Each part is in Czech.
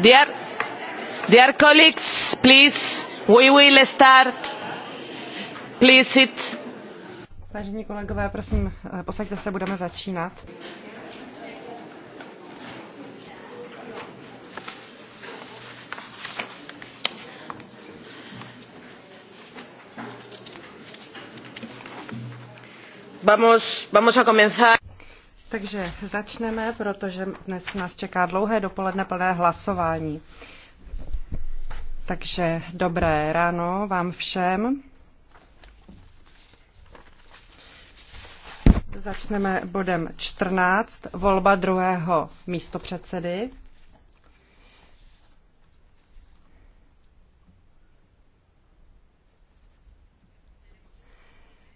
Dear, dear colleagues, please, we will start. Please sit. Vážení kolegové, prosím, eh, posaďte se, budeme začínat. Vamos, vamos a comenzar. Takže začneme, protože dnes nás čeká dlouhé dopoledne plné hlasování. Takže dobré ráno vám všem. Začneme bodem 14, volba druhého místopředsedy.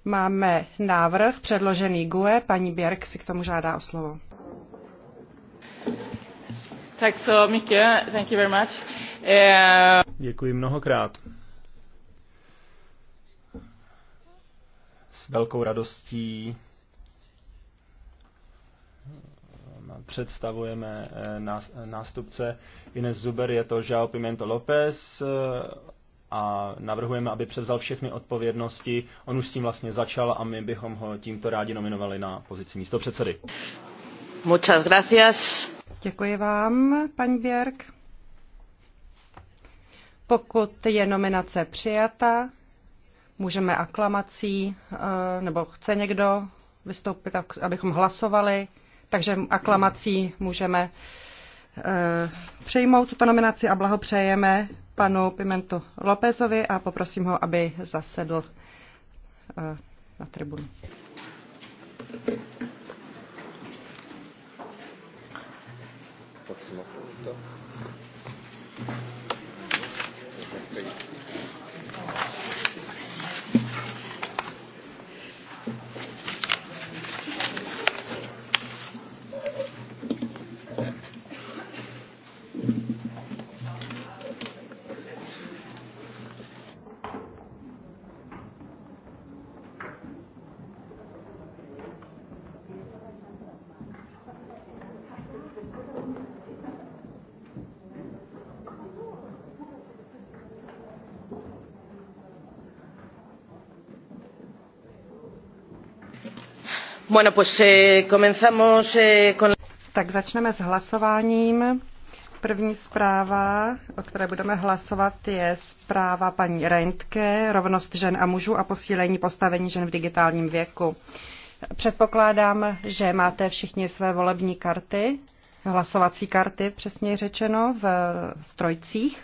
Máme návrh předložený GUE. Paní Běrk si k tomu žádá o slovo. Tak so Mikke, Thank you very much. Eh, Děkuji mnohokrát. S velkou radostí představujeme eh, nástupce Ines Zuber, je to Jao Pimento López, eh, a navrhujeme, aby převzal všechny odpovědnosti. On už s tím vlastně začal a my bychom ho tímto rádi nominovali na pozici místo předsedy. Muchas gracias. Děkuji vám, paní Bjerg. Pokud je nominace přijata, můžeme aklamací, eh, nebo chce někdo vystoupit, abychom hlasovali, takže aklamací můžeme eh, přejmout tuto nominaci a blahopřejeme panu Pimentu Lópezovi a poprosím ho, aby zasedl eh, na tribunu. Proximo punto. Bueno, pues, eh, eh, con... Tak začneme s hlasováním. První zpráva, o které budeme hlasovat, je zpráva paní Reintke, rovnost žen a mužů a posílení postavení žen v digitálním věku. Předpokládám, že máte všichni své volební karty, hlasovací karty, přesně řečeno, v strojcích.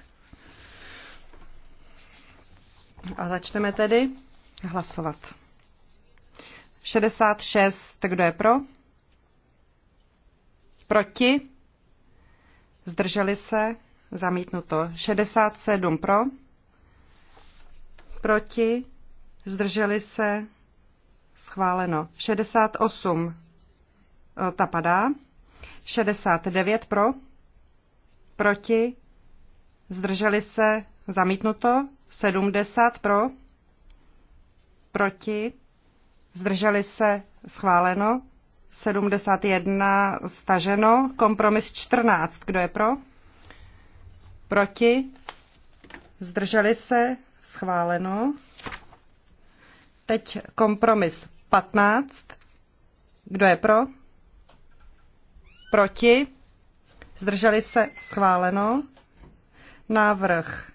A začneme tedy hlasovat. 66, kdo je pro? Proti? Zdrželi se? Zamítnuto. 67 pro? Proti? Zdrželi se? Schváleno. 68 eh, ta padá. 69 pro? Proti? Zdrželi se? Zamítnuto. 70 pro? Proti? zdrželi se, schváleno. 71 staženo, kompromis 14, kdo je pro? Proti, zdrželi se, schváleno. Teď kompromis 15, kdo je pro? Proti, zdrželi se, schváleno. Návrh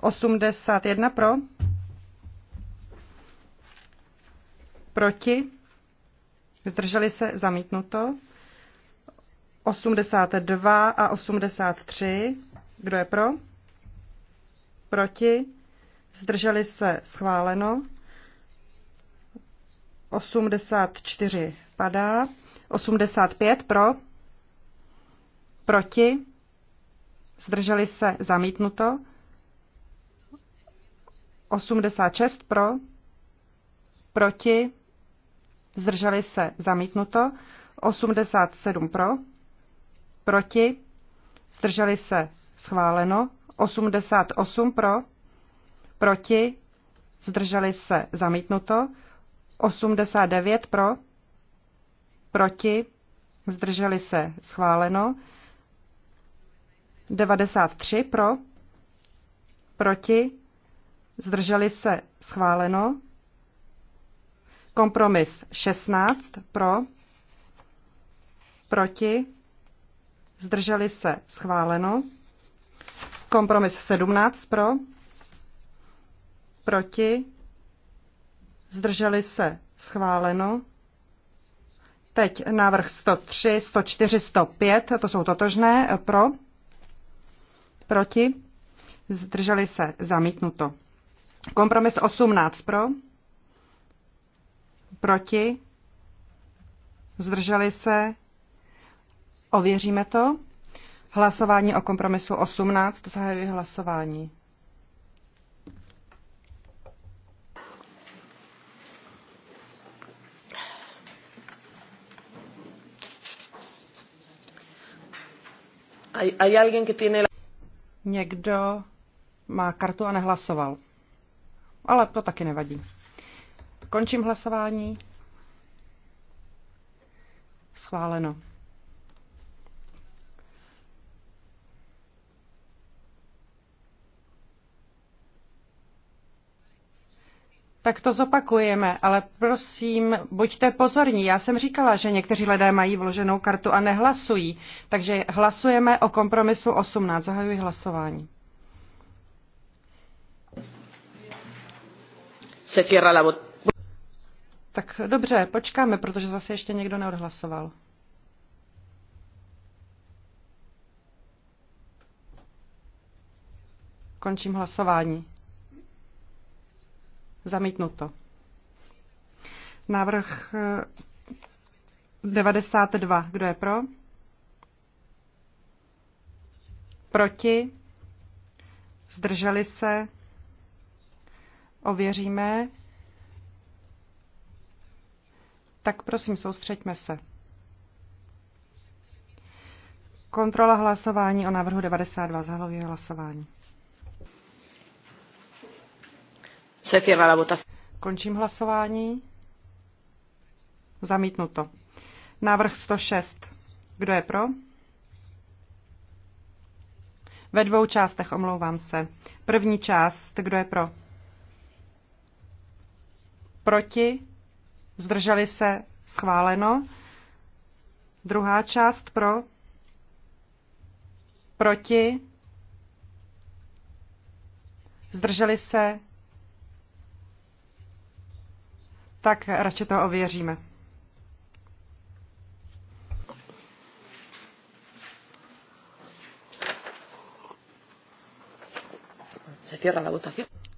81 pro, proti, zdrželi se, zamítnuto. 82 a 83, kdo je pro, proti, zdrželi se, schváleno. 84 padá, 85 pro, proti, zdrželi se, zamítnuto. 86 pro, proti, zdrželi se zamítnuto, 87 pro, proti, zdrželi se schváleno, 88 pro, proti, zdrželi se zamítnuto, 89 pro, proti, zdrželi se schváleno, 93 pro, proti, zdrželi se schváleno, Kompromis 16 pro, proti, zdrželi se schváleno. Kompromis 17 pro, proti, zdrželi se schváleno. Teď návrh 103, 104, 105, to jsou totožné, pro, proti, zdrželi se zamítnuto. Kompromis 18 pro, Proti? Zdrželi se? Ověříme to. Hlasování o kompromisu 18. Zahajuji hlasování. alguien que tiene Někdo má kartu a nehlasoval. Ale to taky nevadí. Končím hlasování. Schváleno. Tak to zopakujeme, ale prosím, buďte pozorní. Já jsem říkala, že někteří lidé mají vloženou kartu a nehlasují, takže hlasujeme o kompromisu 18. Zahajuji hlasování. Se cierra la tak dobře, počkáme, protože zase ještě někdo neodhlasoval. Končím hlasování. Zamítnuto. Návrh 92. Eh, Kdo je pro? Proti? Zdrželi se? Ověříme. Tak prosím, soustřeďme se. Kontrola hlasování o návrhu 92. zahlově hlasování. Se Končím hlasování. Zamítnuto. Návrh 106. Kdo je pro? Ve dvou částech, omlouvám se. První část, kdo je pro? Proti? Zdrželi se? Schváleno. Druhá část pro? Proti? Zdrželi se? Tak radši to ověříme.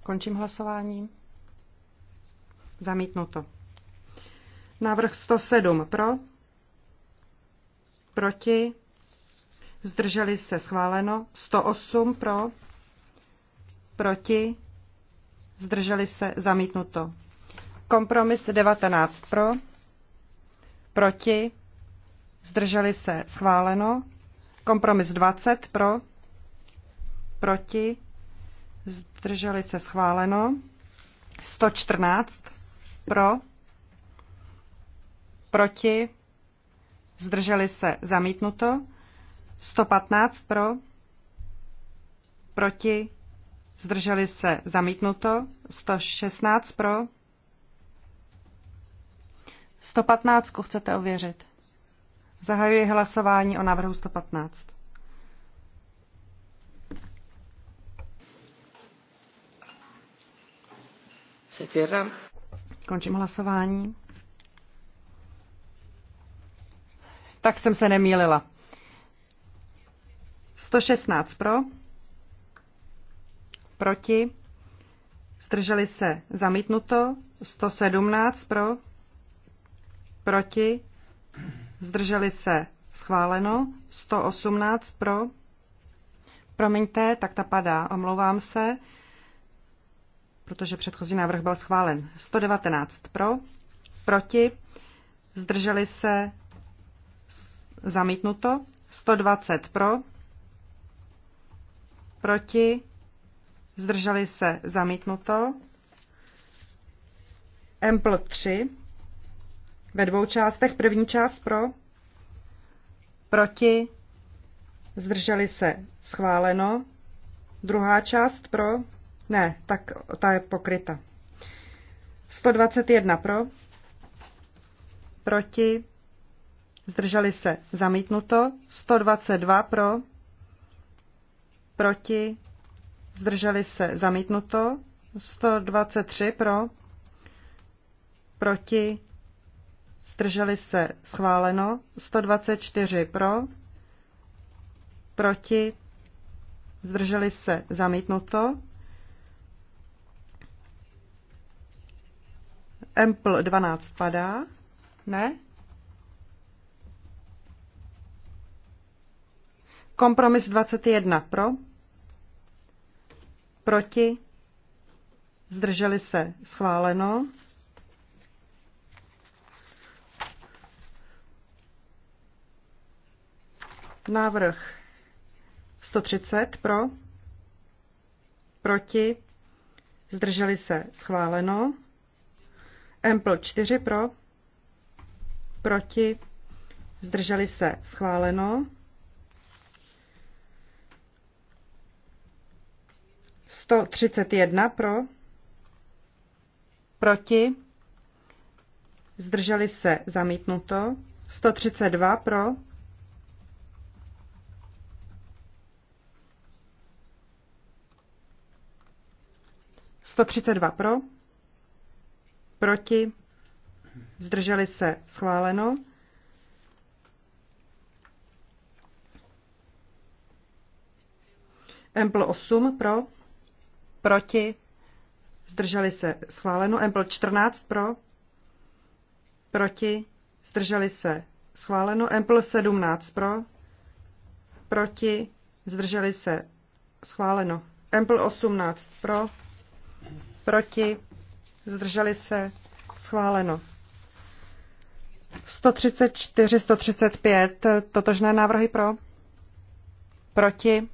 Končím hlasování. Zamítnuto. Návrh 107 pro, proti, zdrželi se schváleno, 108 pro, proti, zdrželi se zamítnuto. Kompromis 19 pro, proti, zdrželi se schváleno, kompromis 20 pro, proti, zdrželi se schváleno, 114 pro, proti, zdrželi se zamítnuto, 115 pro, proti, zdrželi se zamítnuto, 116 pro, 115 chcete ověřit. Zahajuji hlasování o návrhu 115. Se Končím hlasování. tak jsem se nemýlila. 116 pro, proti, zdrželi se zamítnuto, 117 pro, proti, zdrželi se schváleno, 118 pro, promiňte, tak ta padá, omlouvám se, protože předchozí návrh byl schválen, 119 pro, proti, zdrželi se Zamítnuto. 120 pro. Proti. Zdrželi se. Zamítnuto. Empl 3. Ve dvou částech. První část pro. Proti. Zdrželi se. Schváleno. Druhá část pro. Ne, tak ta je pokryta. 121 pro. Proti zdrželi se zamítnuto, 122 pro, proti, zdrželi se zamítnuto, 123 pro, proti, zdrželi se schváleno, 124 pro, proti, zdrželi se zamítnuto, Empl 12 padá, ne? Kompromis 21 pro, proti, zdrželi se schváleno. Návrh 130 pro, proti, zdrželi se schváleno. Empl 4 pro, proti, zdrželi se schváleno. 131 pro, proti, zdrželi se zamítnuto, 132 pro, Sto třicet dva pro, proti, zdrželi se schváleno. Empl 8 pro, proti, zdrželi se schváleno, Empl 14 pro, proti, zdrželi se schváleno, Empl 17 pro, proti, zdrželi se schváleno, Empl 18 pro, proti, zdrželi se schváleno. 134, 135, totožné návrhy pro, proti,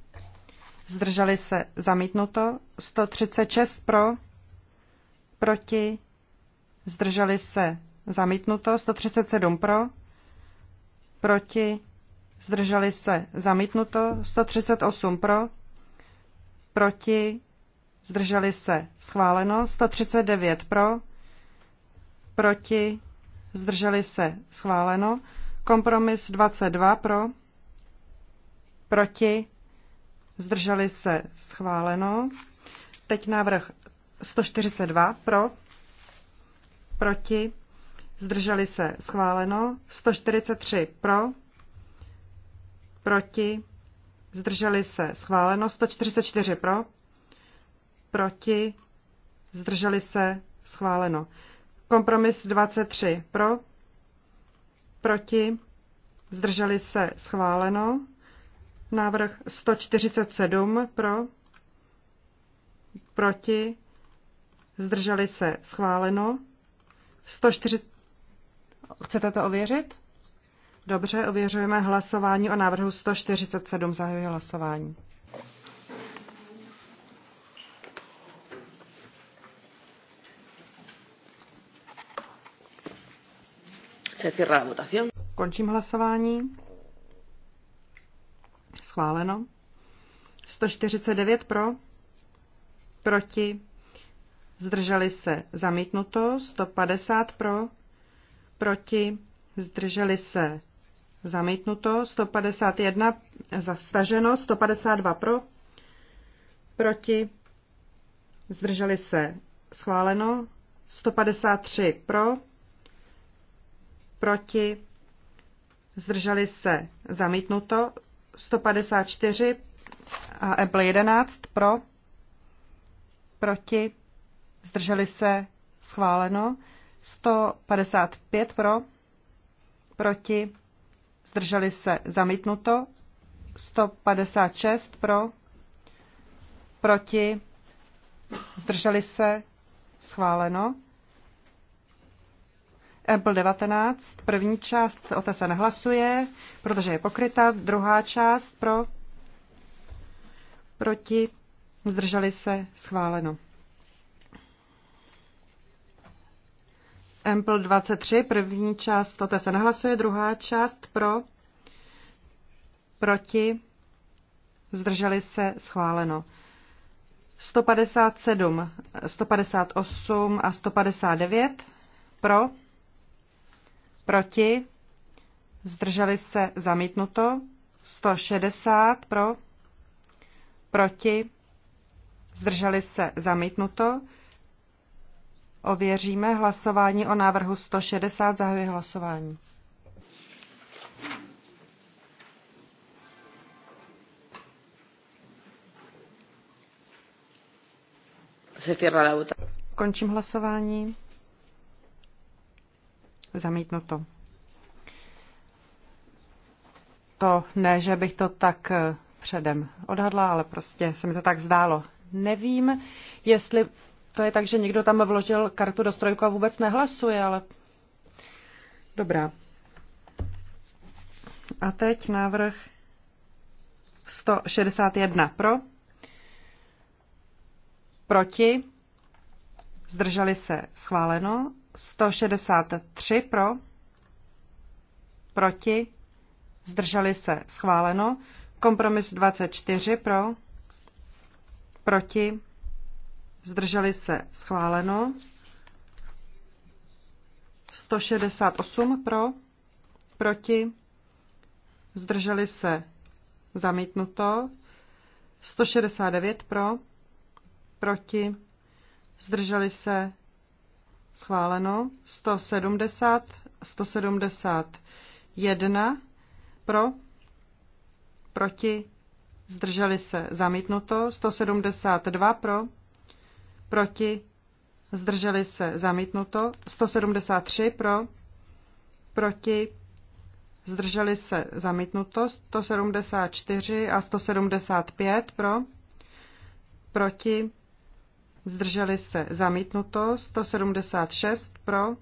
zdrželi se zamítnuto, 136 pro, proti, zdrželi se zamítnuto, 137 pro, proti, zdrželi se zamítnuto, 138 pro, proti, zdrželi se schváleno, 139 pro, proti, zdrželi se schváleno, kompromis 22 pro, proti, zdrželi se schváleno. Teď návrh 142 pro, proti, zdrželi se schváleno. 143 pro, proti, zdrželi se schváleno. 144 pro, proti, zdrželi se schváleno. Kompromis 23 pro, proti, zdrželi se schváleno. Návrh 147 pro, proti, zdrželi se schváleno. 140, chcete to ověřit? Dobře, ověřujeme hlasování o návrhu 147. Zahajuji hlasování. Končím hlasování. Schváleno. 149 pro, proti, zdrželi se zamítnuto, 150 pro, proti, zdrželi se zamítnuto, 151 zastaženo, 152 pro, proti, zdrželi se schváleno, 153 pro, proti, zdrželi se zamítnuto, 154 a Apple 11 pro, proti, zdrželi se, schváleno. 155 pro, proti, zdrželi se, zamítnuto. 156 pro, proti, zdrželi se, schváleno. Apple 19, první část, o té se nehlasuje, protože je pokryta, druhá část pro, proti, zdrželi se, schváleno. Ample 23, první část, o té se nehlasuje, druhá část pro, proti, zdrželi se, schváleno. 157, 158 a 159 pro, proti, zdrželi se zamítnuto, 160 pro, proti, zdrželi se zamítnuto. Ověříme hlasování o návrhu 160, zahajuji hlasování. Končím hlasování. Zamítnuto. To ne, že bych to tak eh, předem odhadla, ale prostě se mi to tak zdálo. Nevím, jestli to je tak, že někdo tam vložil kartu do strojku a vůbec nehlasuje, ale dobrá. A teď návrh 161 pro, proti, zdrželi se schváleno, 163 pro, proti, zdrželi se, schváleno. Kompromis 24 pro, proti, zdrželi se, schváleno. 168 pro, proti, zdrželi se, zamítnuto. 169 pro, proti, zdrželi se, schváleno 170, 171 pro, proti, zdrželi se zamítnuto, 172 pro, proti, zdrželi se zamítnuto, 173 pro, proti, zdrželi se zamítnuto, 174 a 175 pro, proti, zdrželi se zamítnuto, 176 pro,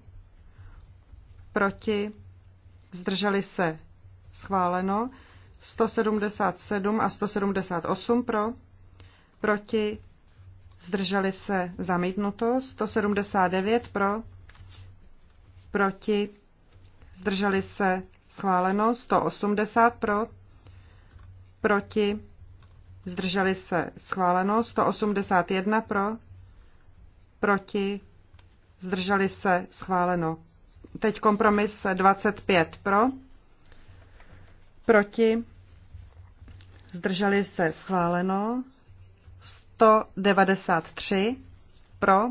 proti, zdrželi se schváleno, 177 a 178 pro, proti, zdrželi se zamítnuto, 179 pro, proti, zdrželi se schváleno, 180 pro, proti, zdrželi se schváleno, 181 pro, proti, zdrželi se, schváleno. Teď kompromis 25 pro, proti, zdrželi se, schváleno. 193 pro,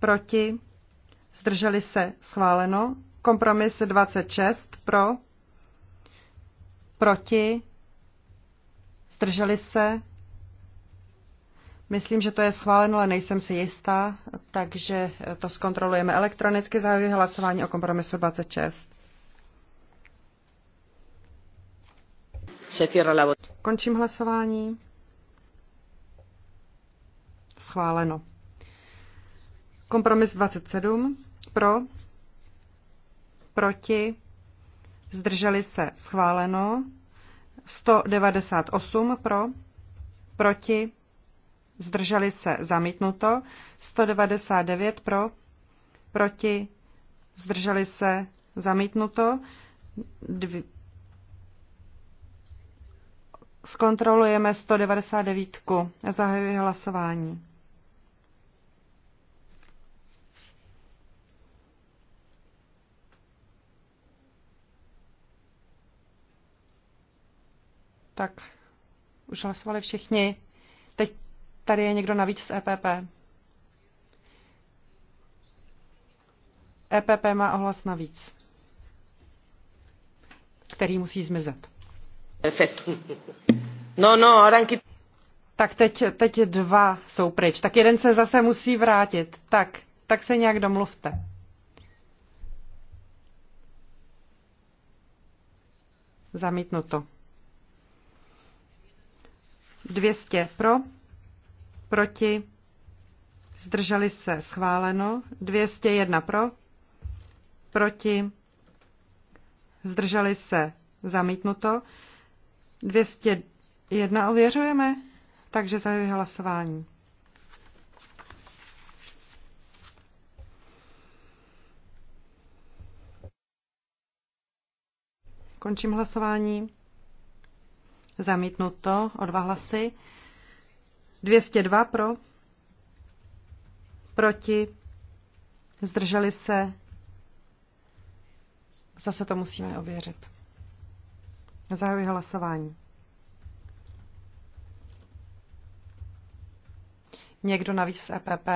proti, zdrželi se, schváleno. Kompromis 26 pro, proti, zdrželi se, Myslím, že to je schváleno, ale nejsem si jistá, takže eh, to zkontrolujeme elektronicky. Zahajuji hlasování o kompromisu 26. Končím hlasování. Schváleno. Kompromis 27. Pro. Proti. Zdrželi se. Schváleno. 198 pro. Proti zdrželi se, zamítnuto, 199 pro, proti, zdrželi se, zamítnuto, dv... zkontrolujeme 199. Zahajuji hlasování. Tak, už hlasovali všichni. Tady je někdo navíc z EPP. EPP má ohlas navíc, který musí zmizet. No, no, ranky. Tak teď, teď dva jsou pryč. Tak jeden se zase musí vrátit. Tak, tak se nějak domluvte. to. 200 pro, proti, zdrželi se schváleno, 201 pro, proti, zdrželi se zamítnuto, 201 ověřujeme, takže zahajuji hlasování. Končím hlasování. Zamítnuto o dva hlasy. 202 pro, proti, zdrželi se, zase to musíme ověřit. Zahajuji hlasování. Někdo navíc z EPP?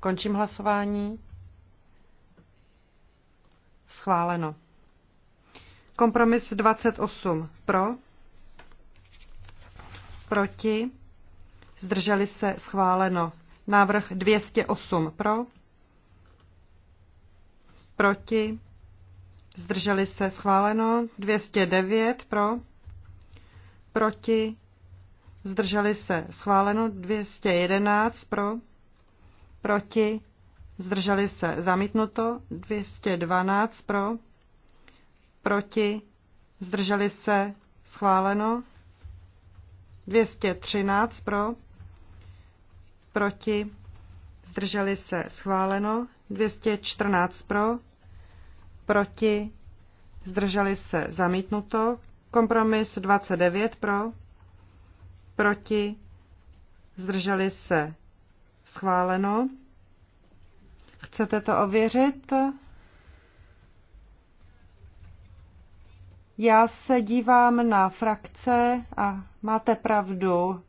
Končím hlasování. Schváleno. Kompromis 28 pro, proti, zdrželi se schváleno. Návrh 208 pro, proti, zdrželi se schváleno. 209 pro, proti, zdrželi se schváleno. 211 pro, proti, zdrželi se zamítnuto. 212 pro, proti, zdrželi se, schváleno. 213 pro, proti, zdrželi se, schváleno. 214 pro, proti, zdrželi se, zamítnuto. Kompromis 29 pro, proti, zdrželi se, schváleno. Chcete to ověřit? Já se dívám na frakce a máte pravdu.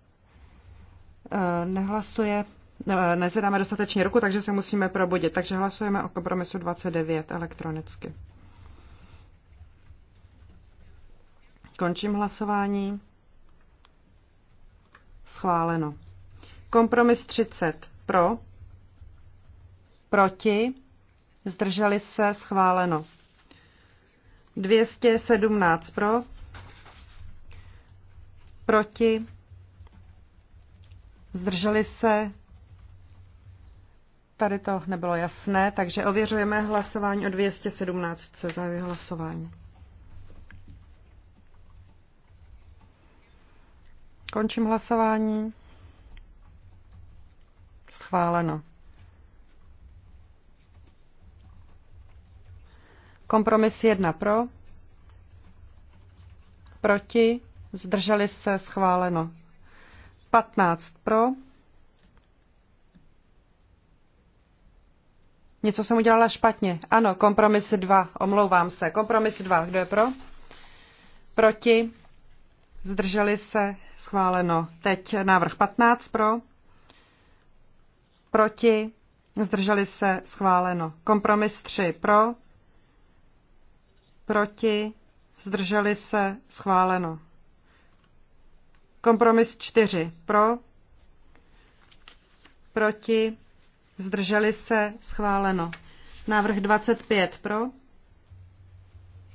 Eh, nehlasuje, eh, ne, dostatečně ruku, takže se musíme probudit. Takže hlasujeme o kompromisu 29 elektronicky. Končím hlasování. Schváleno. Kompromis 30. Pro. Proti. Zdrželi se. Schváleno. 217 pro, proti, zdrželi se, tady to nebylo jasné, takže ověřujeme hlasování o 217 se za hlasování. Končím hlasování. Schváleno. Kompromis 1 pro, proti, zdrželi se, schváleno. 15 pro. Něco jsem udělala špatně. Ano, kompromis 2, omlouvám se. Kompromis 2, kdo je pro? Proti, zdrželi se, schváleno. Teď návrh 15 pro, proti, zdrželi se, schváleno. Kompromis 3 pro, proti, zdrželi se, schváleno. Kompromis 4. Pro, proti, zdrželi se, schváleno. Návrh 25. Pro,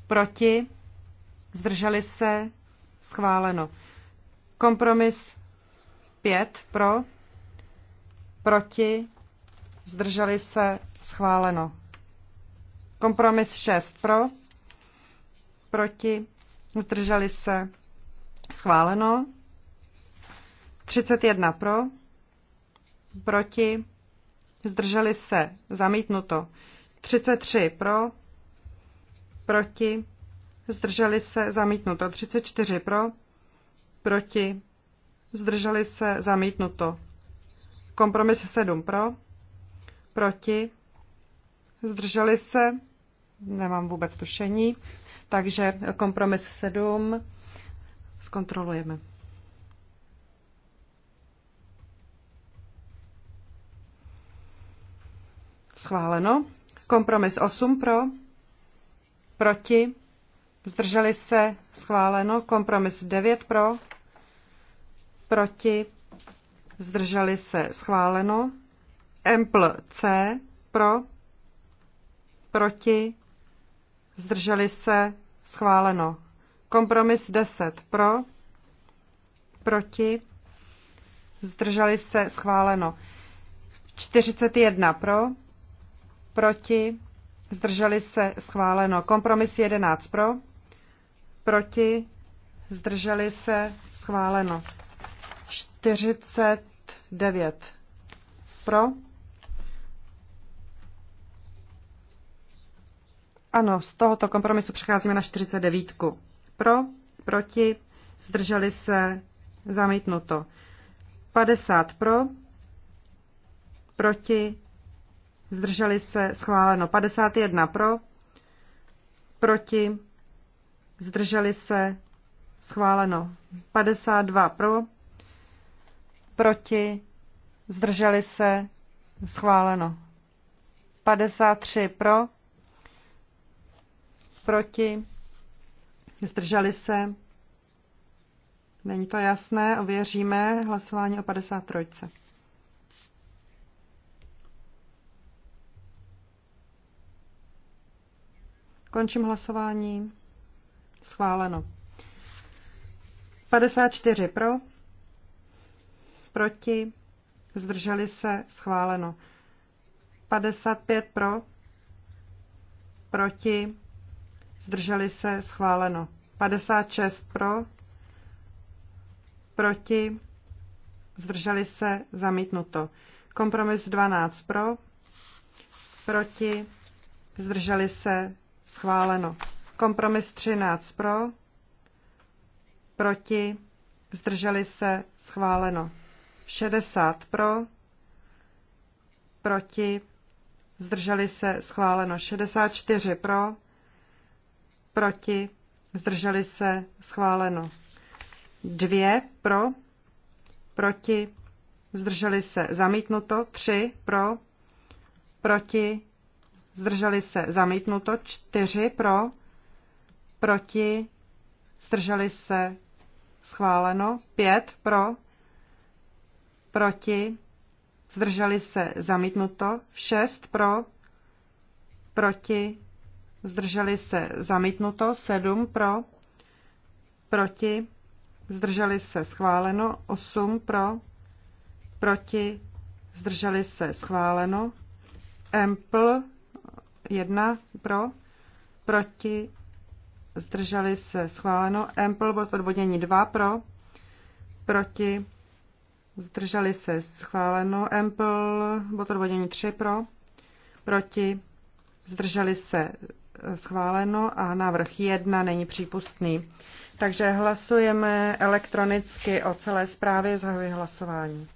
proti, zdrželi se, schváleno. Kompromis 5. Pro, proti, zdrželi se, schváleno. Kompromis 6. Pro, proti, zdrželi se, schváleno. 31 pro, proti, zdrželi se, zamítnuto. 33 pro, proti, zdrželi se, zamítnuto. 34 pro, proti, zdrželi se, zamítnuto. Kompromis 7 pro, proti, zdrželi se, nemám vůbec tušení, takže kompromis 7 zkontrolujeme. Schváleno. Kompromis 8 pro, proti, zdrželi se, schváleno. Kompromis 9 pro, proti, zdrželi se, schváleno. Empl C pro, proti, zdrželi se, schváleno. Kompromis 10 pro, proti, zdrželi se, schváleno. 41 pro, proti, zdrželi se, schváleno. Kompromis 11 pro, proti, zdrželi se, schváleno. 49 pro, Ano, z tohoto kompromisu přecházíme na 49. Pro, proti, zdrželi se, zamítnuto. 50 pro, proti, zdrželi se, schváleno. 51 pro, proti, zdrželi se, schváleno. 52 pro, proti, zdrželi se, schváleno. 53 pro, proti, zdrželi se, není to jasné, ověříme hlasování o 53. Končím hlasování. Schváleno. 54 pro, proti, zdrželi se, schváleno. 55 pro, proti, zdrželi se, schváleno. 56 pro, proti, zdrželi se, zamítnuto. Kompromis 12 pro, proti, zdrželi se, schváleno. Kompromis 13 pro, proti, zdrželi se, schváleno. 60 pro, proti, zdrželi se, schváleno. 64 pro, proti, zdrželi se, schváleno. Dvě pro, proti, zdrželi se, zamítnuto. Tři pro, proti, zdrželi se, zamítnuto. Čtyři pro, proti, zdrželi se, schváleno. Pět pro, proti, zdrželi se, zamítnuto. Šest pro, proti, zdrželi se zamítnuto, 7 pro, proti, zdrželi se schváleno, 8 pro, proti, zdrželi se schváleno, Empl 1 pro, proti, zdrželi se schváleno, Empl odvodnění 2 pro, proti, zdrželi se schváleno, Empl odvodnění 3 pro, proti, zdrželi se schváleno a návrh 1 není přípustný. Takže hlasujeme elektronicky o celé zprávě, zahajuji hlasování.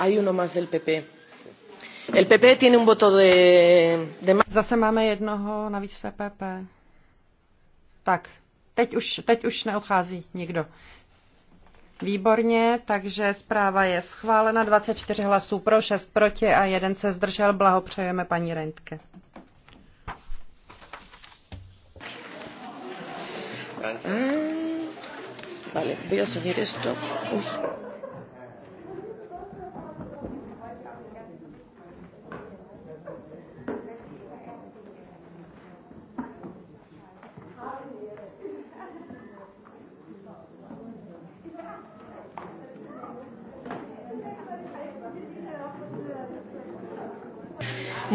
Hay uno más del PP. El PP tiene un voto de, de... Zase máme jednoho navíc z PP. Tak, Teď už, teď už neodchází nikdo. Výborně, takže zpráva je schválena. 24 hlasů pro, 6 proti a jeden se zdržel. Blahopřejeme paní Rentke. Mm, vale, voy a seguir esto. Uy.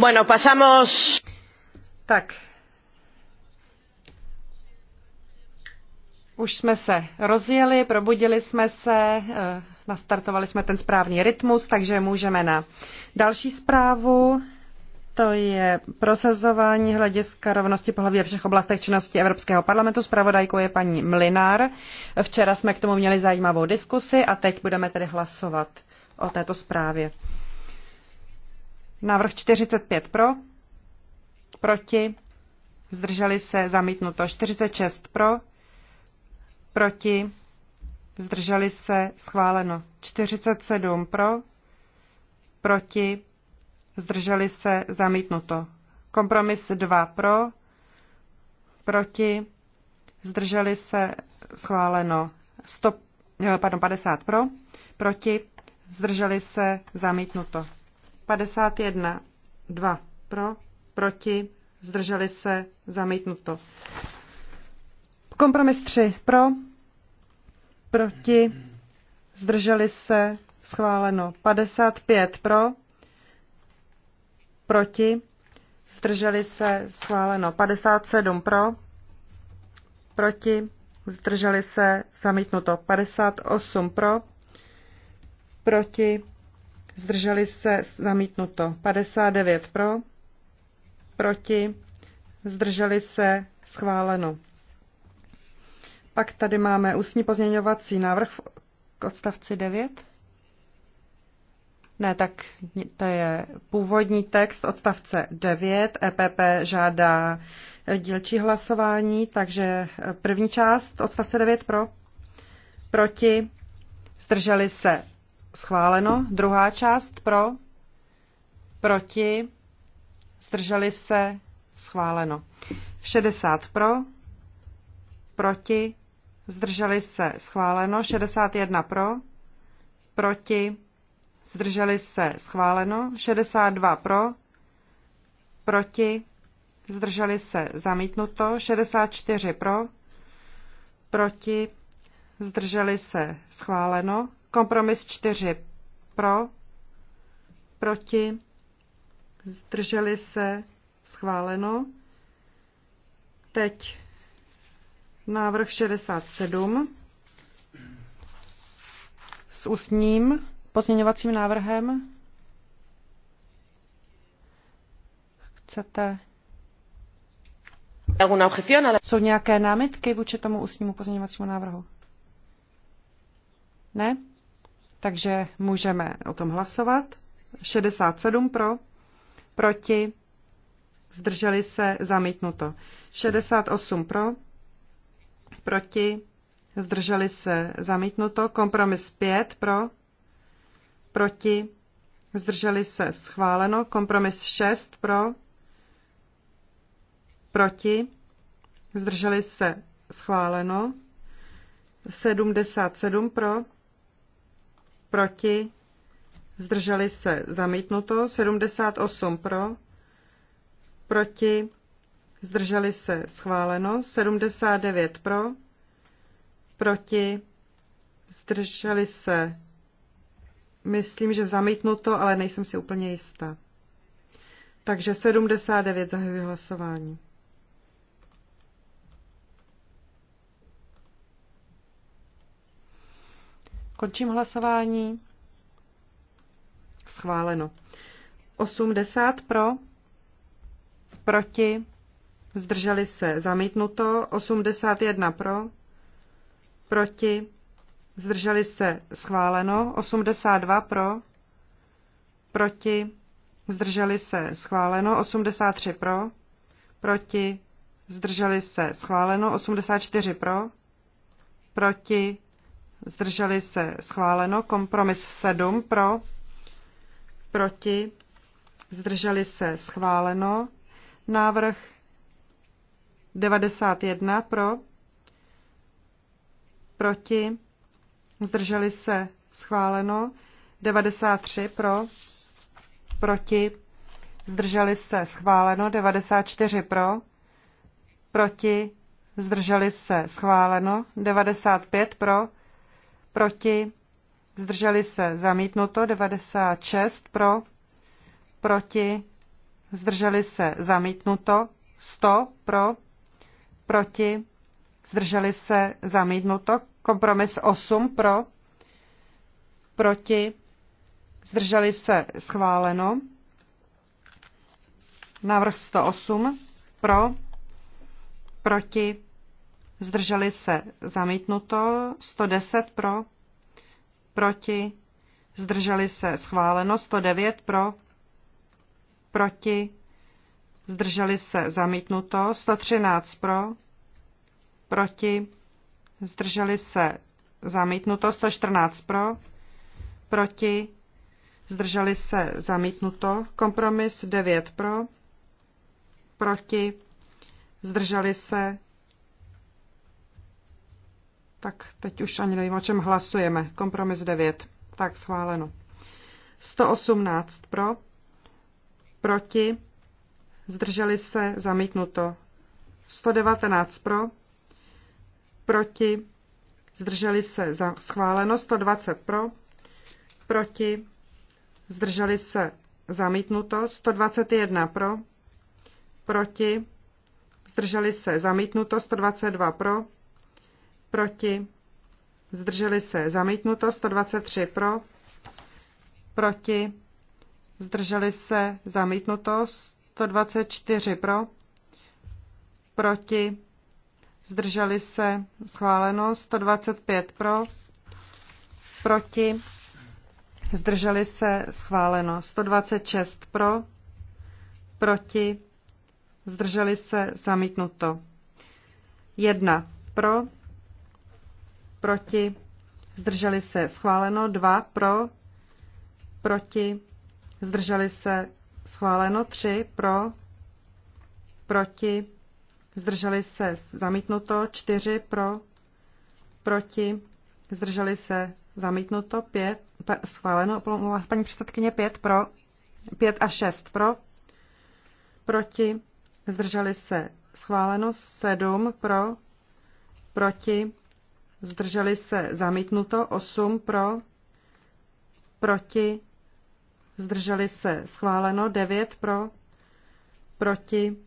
Bueno, pasamos... Tak. Už jsme se rozjeli, probudili jsme se, eh, nastartovali jsme ten správný rytmus, takže můžeme na další zprávu. To je prosazování hlediska rovnosti pohlaví ve všech oblastech činnosti Evropského parlamentu. Spravodajkou je paní Mlinár. Včera jsme k tomu měli zajímavou diskusi a teď budeme tedy hlasovat o této zprávě. Návrh 45 pro, proti, zdrželi se, zamítnuto. 46 pro, proti, zdrželi se, schváleno. 47 pro, proti, zdrželi se, zamítnuto. Kompromis 2 pro, proti, zdrželi se, schváleno. 100, eh, pardon, 50 pro, proti, zdrželi se, zamítnuto. 51. 2. Pro, proti, zdrželi se, zamítnuto. Kompromis 3. Pro, proti, zdrželi se, schváleno. 55. Pro, proti, zdrželi se, schváleno. 57. Pro, proti, zdrželi se, zamítnuto. 58. Pro, proti, Zdrželi se zamítnuto 59 pro, proti, zdrželi se schváleno. Pak tady máme ústní pozměňovací návrh k odstavci 9. Ne, tak to je původní text odstavce 9. EPP žádá dílčí hlasování, takže první část odstavce 9 pro, proti, zdrželi se Schváleno. Druhá část pro, proti, zdrželi se, schváleno. 60 pro, proti, zdrželi se, schváleno. 61 pro, proti, zdrželi se, schváleno. 62 pro, proti, zdrželi se, zamítnuto. 64 pro, proti, zdrželi se, schváleno. Kompromis 4 pro, proti, zdrželi se, schváleno. Teď návrh 67 s ústním pozměňovacím návrhem. Chcete? Jsou nějaké námitky vůči tomu ústnímu pozměňovacímu návrhu? Ne? Takže můžeme o tom hlasovat. 67 pro, proti, zdrželi se, zamítnuto. 68 pro, proti, zdrželi se, zamítnuto. Kompromis 5 pro, proti, zdrželi se, schváleno. Kompromis 6 pro, proti, zdrželi se, schváleno. 77 pro, proti, zdrželi se zamítnuto, 78 pro, proti, zdrželi se schváleno, 79 pro, proti, zdrželi se, myslím, že zamítnuto, ale nejsem si úplně jistá. Takže 79 zahajuji hlasování. Končím hlasování. Schváleno. 80 pro, proti, zdrželi se, zamítnuto. 81 pro, proti, zdrželi se, schváleno. 82 pro, proti, zdrželi se, schváleno. 83 pro, proti, zdrželi se, schváleno. 84 pro, proti, zdrželi se schváleno, kompromis 7 pro, proti, zdrželi se schváleno, návrh 91 pro, proti, zdrželi se schváleno, 93 pro, proti, zdrželi se schváleno, 94 pro, proti, zdrželi se schváleno, 95 pro, proti, zdrželi se zamítnuto, 96 pro, proti, zdrželi se zamítnuto, 100 pro, proti, zdrželi se zamítnuto, kompromis 8 pro, proti, zdrželi se schváleno, návrh 108 pro, proti, zdrželi se zamítnuto, 110 pro, proti, zdrželi se schváleno, 109 pro, proti, zdrželi se zamítnuto, 113 pro, proti, zdrželi se zamítnuto, 114 pro, proti, zdrželi se zamítnuto, kompromis 9 pro, proti, zdrželi se tak teď už ani nevím, o čem hlasujeme. Kompromis 9. Tak schváleno. 118 pro, proti, zdrželi se, zamítnuto. 119 pro, proti, zdrželi se, za, schváleno. 120 pro, proti, zdrželi se, zamítnuto. 121 pro, proti, zdrželi se, zamítnuto. 122 pro, proti, zdrželi se zamítnuto, 123 pro, proti, zdrželi se zamítnuto, 124 pro, proti, zdrželi se schváleno, 125 pro, proti, zdrželi se schváleno, 126 pro, proti, zdrželi se zamítnuto. 1 pro, proti, zdrželi se schváleno, dva pro, proti, zdrželi se schváleno, tři pro, proti, zdrželi se zamítnuto, čtyři pro, proti, zdrželi se zamítnuto, pět. schváleno, paní předsedkyně pět pro, Pět a šest pro, proti, zdrželi se schváleno, sedm pro, proti, zdrželi se zamítnuto, 8 pro, proti, zdrželi se schváleno, 9 pro, proti,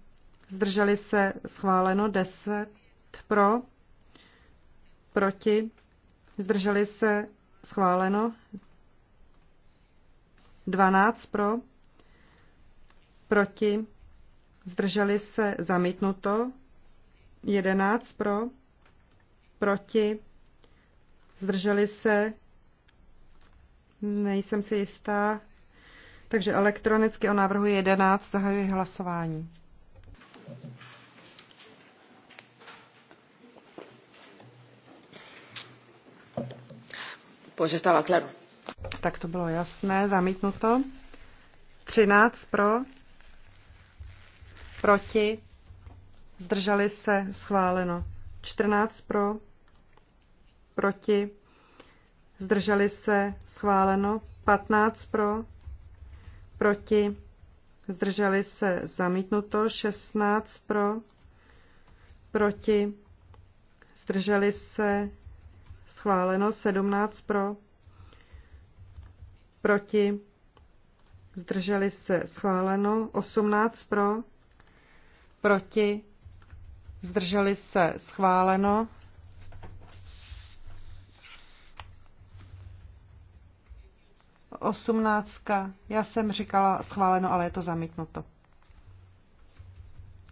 zdrželi se schváleno, 10 pro, proti, zdrželi se schváleno, 12 pro, proti, zdrželi se zamítnuto, 11 pro, proti, zdrželi se, nejsem si jistá. Takže elektronicky o návrhu 11 zahajuji hlasování. Pues stává, claro. Tak to bylo jasné, zamítnuto. 13 pro, proti, zdrželi se, schváleno. 14 pro, proti, zdrželi se, schváleno, 15 pro, proti, zdrželi se, zamítnuto, 16 pro, proti, zdrželi se, schváleno, 17 pro, proti, zdrželi se, schváleno, 18 pro, proti, zdrželi se, schváleno, 18. Já jsem říkala schváleno, ale je to zamítnuto.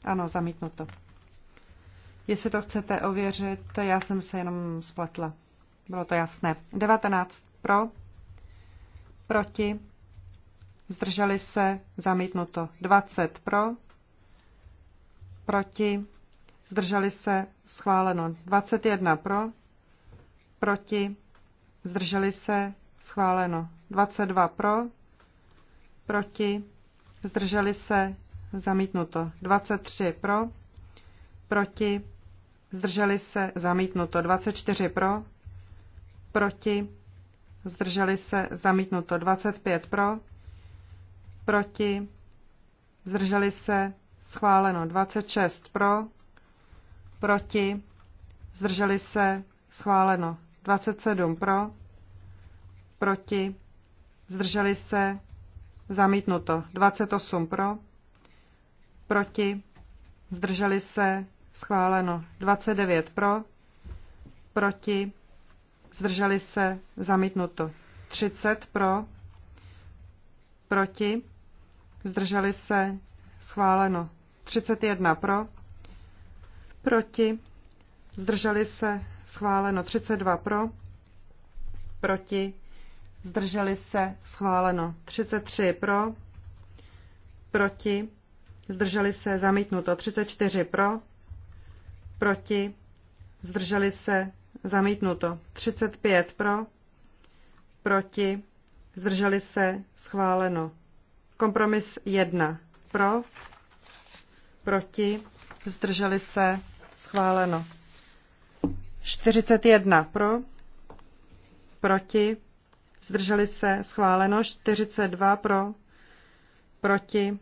Ano, zamítnuto. Jestli to chcete ověřit, já jsem se jenom spletla. Bylo to jasné. 19 pro, proti, zdrželi se, zamítnuto. 20 pro, proti, zdrželi se, schváleno. 21 pro, proti, zdrželi se, Schváleno. 22 pro, proti, zdrželi se, zamítnuto. 23 pro, proti, zdrželi se, zamítnuto. 24 pro, proti, zdrželi se, zamítnuto. 25 pro, proti, zdrželi se, schváleno. 26 pro, proti, zdrželi se, schváleno. 27 pro, proti, zdrželi se, zamítnuto. 28 pro, proti, zdrželi se, schváleno. 29 pro, proti, zdrželi se, zamítnuto. 30 pro, proti, zdrželi se, schváleno. 31 pro, proti, zdrželi se, schváleno. 32 pro, proti, zdrželi se, schváleno. 33 pro, proti, zdrželi se, zamítnuto. 34 pro, proti, zdrželi se, zamítnuto. 35 pro, proti, zdrželi se, schváleno. Kompromis 1 pro, proti, zdrželi se, schváleno. 41 pro, proti, zdrželi se, schváleno 42 pro, proti,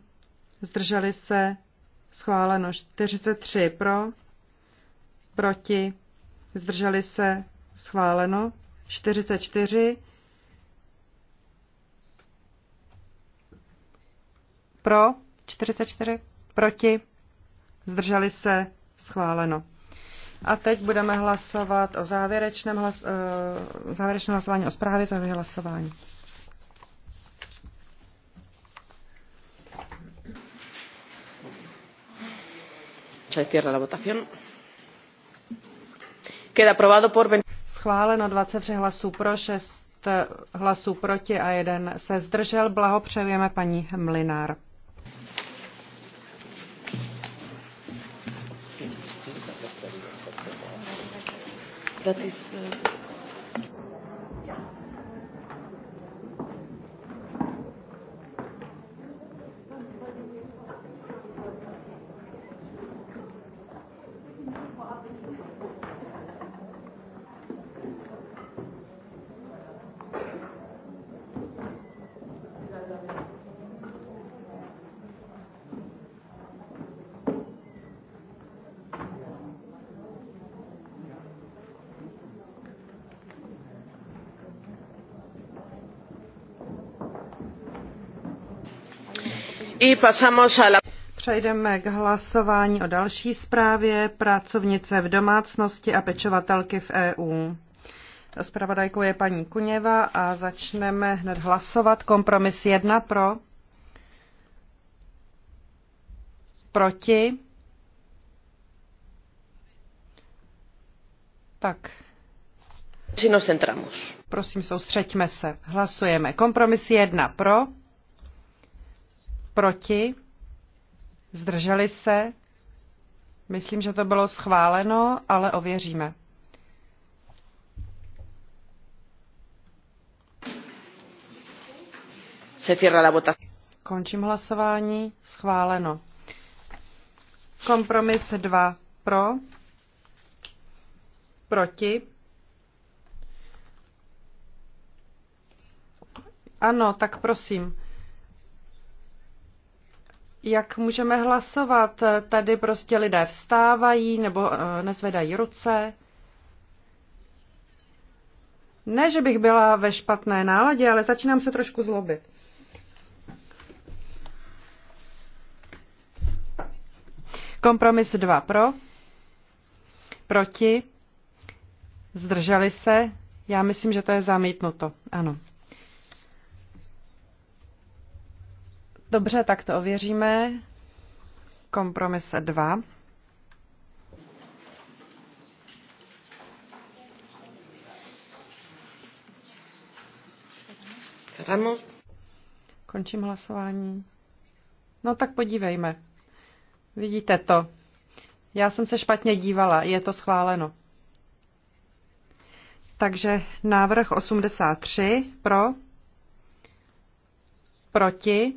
zdrželi se, schváleno 43 pro, proti, zdrželi se, schváleno 44 pro, 44 proti, zdrželi se, schváleno. A teď budeme hlasovat o závěrečném, hlas, eh, závěrečném hlasování o zprávě za hlasování. Se cierra la votación. Queda aprobado por... Schváleno 23 hlasů pro, 6 hlasů proti a jeden se zdržel. Blahopřejeme paní Mlinár. that is uh, Přejdeme k hlasování o další zprávě pracovnice v domácnosti a pečovatelky v EU. Spravodajkou je paní Kuněva a začneme hned hlasovat. Kompromis 1 pro. Proti. Tak. Si nos Prosím, soustřeďme se. Hlasujeme. Kompromis 1 pro. Proti? Zdrželi se? Myslím, že to bylo schváleno, ale ověříme. Se la Končím hlasování. Schváleno. Kompromis 2 pro, proti. Ano, tak prosím jak můžeme hlasovat? Tady prostě lidé vstávají nebo eh, nezvedají ruce. Ne, že bych byla ve špatné náladě, ale začínám se trošku zlobit. Kompromis 2 pro, proti, zdrželi se. Já myslím, že to je zamítnuto. Ano. Dobře, tak to ověříme. Kompromis 2. Končím hlasování. No tak podívejme. Vidíte to. Já jsem se špatně dívala, je to schváleno. Takže návrh 83 pro, proti,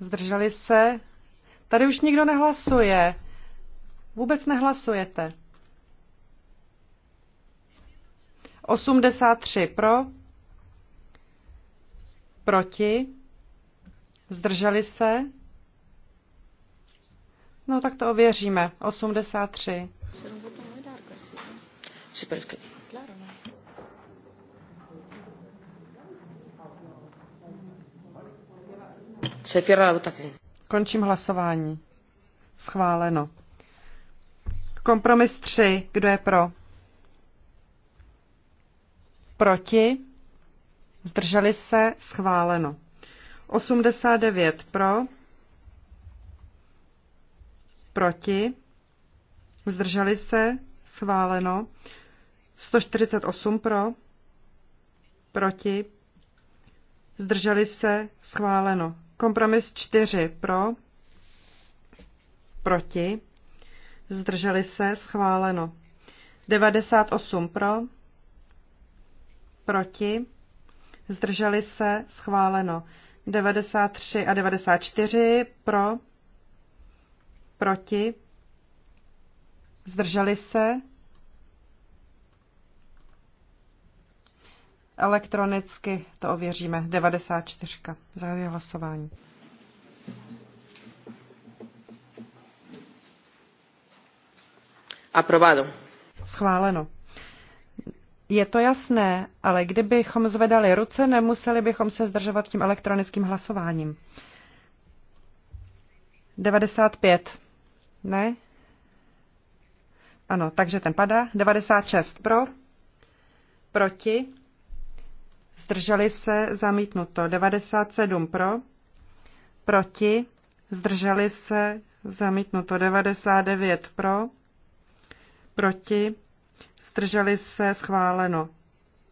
Zdrželi se? Tady už nikdo nehlasuje. Vůbec nehlasujete. 83 pro, proti, zdrželi se. No tak to ověříme. 83. Se cierra Končím hlasování. Schváleno. Kompromis 3. Kdo je pro? Proti? Zdrželi se? Schváleno. 89 pro? Proti? Zdrželi se? Schváleno. 148 pro? Proti? Zdrželi se? Schváleno. Kompromis 4 pro, proti, zdrželi se, schváleno. 98 pro, proti, zdrželi se, schváleno. 93 a 94 pro, proti, zdrželi se, Elektronicky to ověříme. 94. Zahajuji hlasování. Aprobado. Schváleno. Je to jasné, ale kdybychom zvedali ruce, nemuseli bychom se zdržovat tím elektronickým hlasováním. 95. Ne? Ano, takže ten padá. 96 pro, proti, zdrželi se, zamítnuto. 97 pro, proti, zdrželi se, zamítnuto. 99 pro, proti, zdrželi se, schváleno.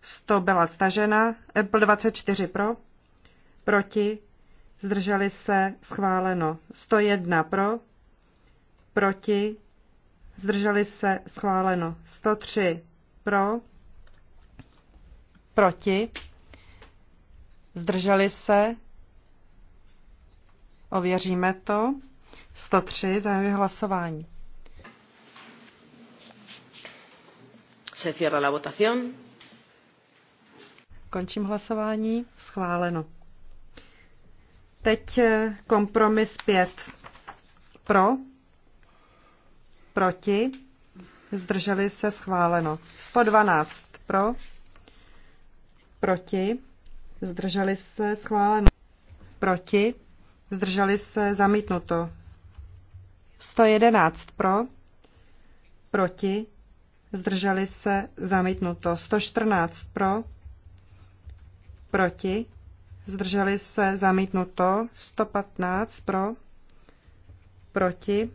100 byla stažena, Apple 24 pro, proti, zdrželi se, schváleno. 101 pro, proti, zdrželi se, schváleno. 103 pro, proti, zdrželi se, ověříme to, 103, zahajuji hlasování. Se cierra la votación. Končím hlasování. Schváleno. Teď eh, kompromis 5. Pro. Proti. Zdrželi se schváleno. 112 pro. Proti zdrželi se, schváleno. Proti, zdrželi se, zamítnuto. 111 pro, proti, zdrželi se, zamítnuto. 114 pro, proti, zdrželi se, zamítnuto. 115 pro, proti,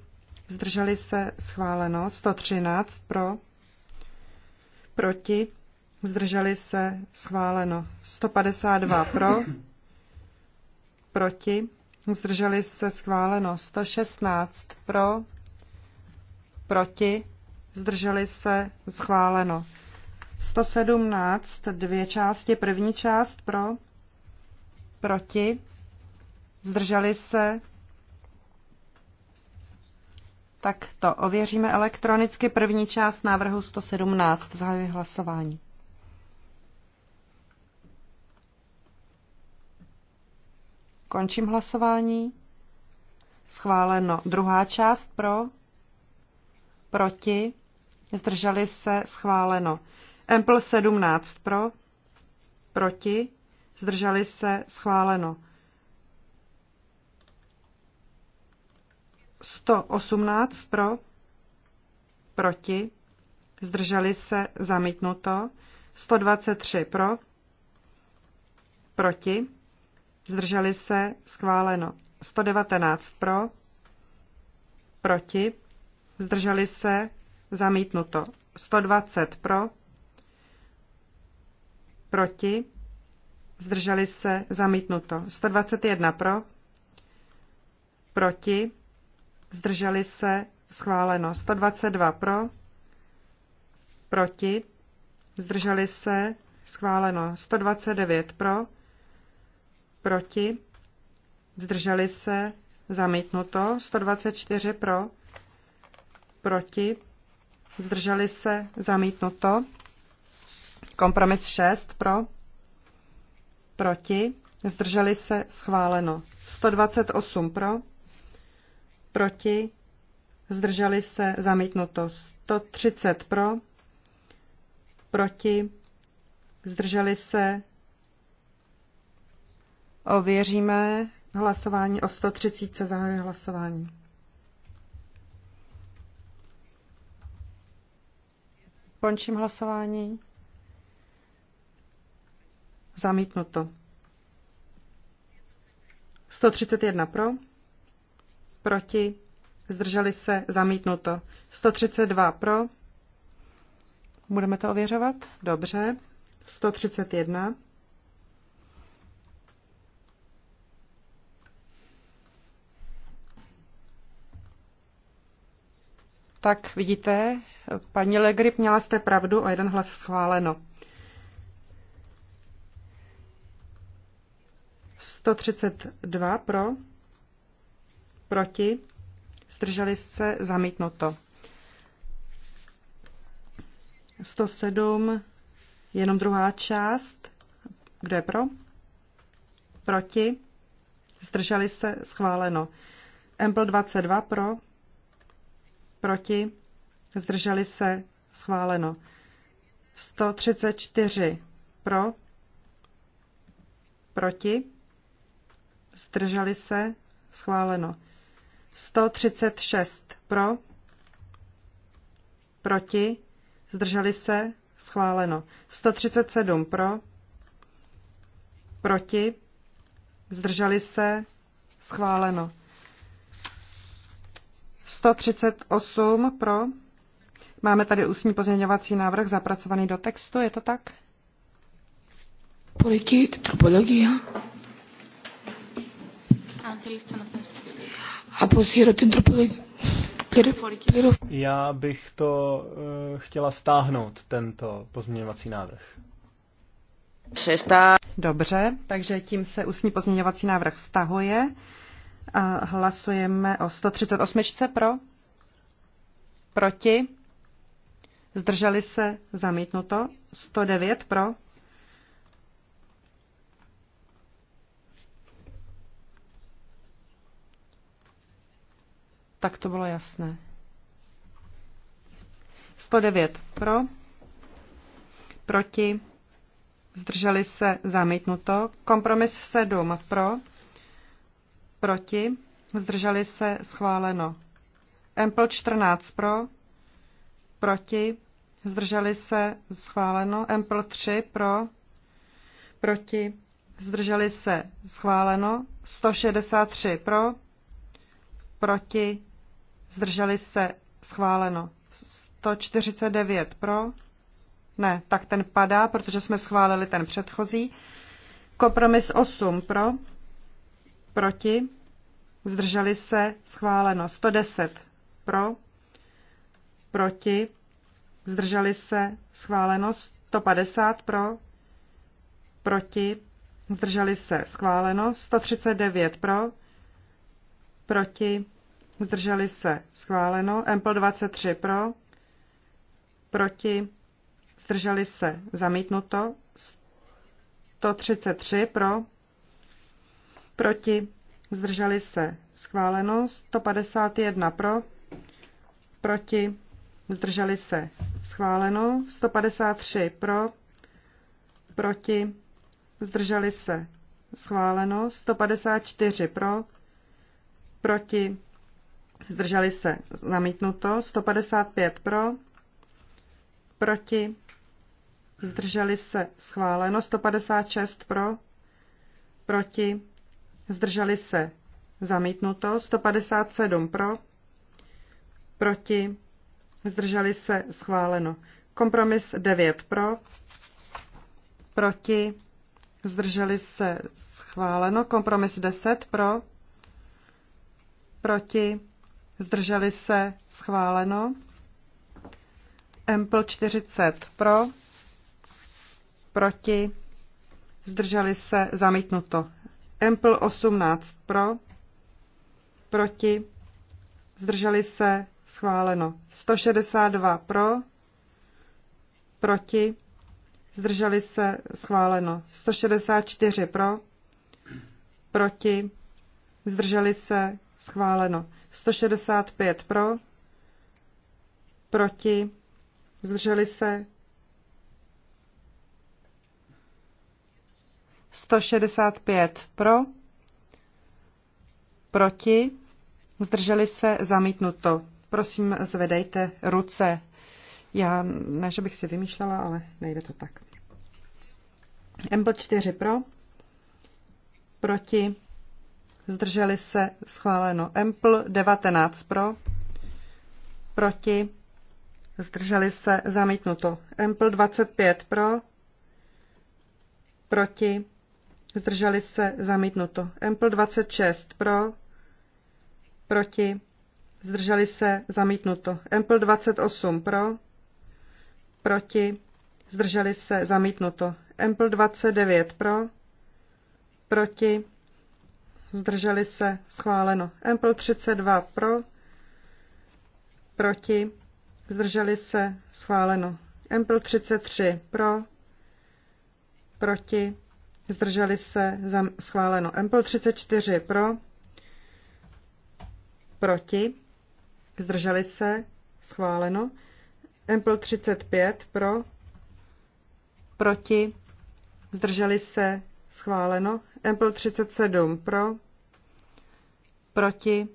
zdrželi se, schváleno. 113 pro, proti, Zdrželi se schváleno 152 pro, proti. Zdrželi se schváleno 116 pro, proti. Zdrželi se schváleno 117, dvě části, první část pro, proti. Zdrželi se tak to ověříme elektronicky první část návrhu 117. Zahajuji hlasování. Končím hlasování. Schváleno. Druhá část pro. Proti. Zdrželi se. Schváleno. Empl 17 pro. Proti. Zdrželi se. Schváleno. 118 pro. Proti. Zdrželi se. Zamítnuto. 123 pro. Proti zdrželi se, schváleno. 119 pro, proti, zdrželi se, zamítnuto. 120 pro, proti, zdrželi se, zamítnuto. 121 pro, proti, zdrželi se, schváleno. 122 pro, proti, zdrželi se, schváleno. 129 pro, proti, zdrželi se, zamítnuto, 124 pro, proti, zdrželi se, zamítnuto, kompromis 6 pro, proti, zdrželi se, schváleno, 128 pro, proti, zdrželi se, zamítnuto, 130 pro, proti, zdrželi se, Ověříme hlasování o 130 se zahajuje hlasování. Končím hlasování. Zamítnuto. 131 pro, proti, zdrželi se, zamítnuto. 132 pro, budeme to ověřovat? Dobře. 131. Tak vidíte, paní Legrip, měla jste pravdu a jeden hlas schváleno. 132 pro, proti, zdrželi se, zamítnuto. 107, jenom druhá část, kdo je pro, proti, zdrželi se, schváleno. Ample 22 pro, proti, zdrželi se, schváleno. 134 pro, proti, zdrželi se, schváleno. 136 pro, proti, zdrželi se, schváleno. 137 pro, proti, zdrželi se, schváleno. 138 pro. Máme tady ústní pozměňovací návrh zapracovaný do textu, je to tak? Polikit, tropologie. A posírat topologii. Já bych to uh, chtěla stáhnout, tento pozměňovací návrh. Dobře, takže tím se ústní pozměňovací návrh stahuje hlasujeme o 138 pro, proti, zdrželi se, zamítnuto, 109 pro, Tak to bylo jasné. 109 pro, proti, zdrželi se zamítnuto. Kompromis 7 pro, proti, zdrželi se, schváleno. Empl 14 pro, proti, zdrželi se, schváleno. Empl 3 pro, proti, zdrželi se, schváleno. 163 pro, proti, zdrželi se, schváleno. 149 pro, ne, tak ten padá, protože jsme schválili ten předchozí. Kompromis 8 pro, proti, zdrželi se, schváleno 110 pro, proti, zdrželi se, schváleno 150 pro, proti, zdrželi se, schváleno 139 pro, proti, zdrželi se, schváleno MPL 23 pro, proti, zdrželi se, zamítnuto 133 pro, proti, zdrželi se, schváleno 151 pro, proti, zdrželi se, schváleno 153 pro, proti, zdrželi se, schváleno 154 pro, proti, zdrželi se, zamítnuto 155 pro, proti, zdrželi se, schváleno 156 pro, proti, zdrželi se zamítnuto, 157 pro, proti, zdrželi se schváleno. Kompromis 9 pro, proti, zdrželi se schváleno. Kompromis 10 pro, proti, zdrželi se schváleno. Empl 40 pro, proti, zdrželi se zamítnuto. Empl 18 pro, proti, zdrželi se, schváleno. 162 pro, proti, zdrželi se, schváleno. 164 pro, proti, zdrželi se, schváleno. 165 pro, proti, zdrželi se, 165 pro, proti, zdrželi se, zamítnuto. Prosím, zvedejte ruce. Já, ne, že bych si vymýšlela, ale nejde to tak. Embl 4 pro, proti, zdrželi se, schváleno. Empl 19 pro, proti, zdrželi se, zamítnuto. Empl 25 pro, proti, zdrželi se, zamítnuto. Empl 26 pro, proti, zdrželi se, zamítnuto. Empl 28 pro, proti, zdrželi se, zamítnuto. Empl 29 pro, proti, zdrželi se, schváleno. Empl 32 pro, proti, zdrželi se, schváleno. Empl 33 pro, proti, zdrželi se, schváleno. Mpl 34 pro, proti, zdrželi se, schváleno. Mpl 35 pro, proti, zdrželi se, schváleno. Mpl 37 pro, proti,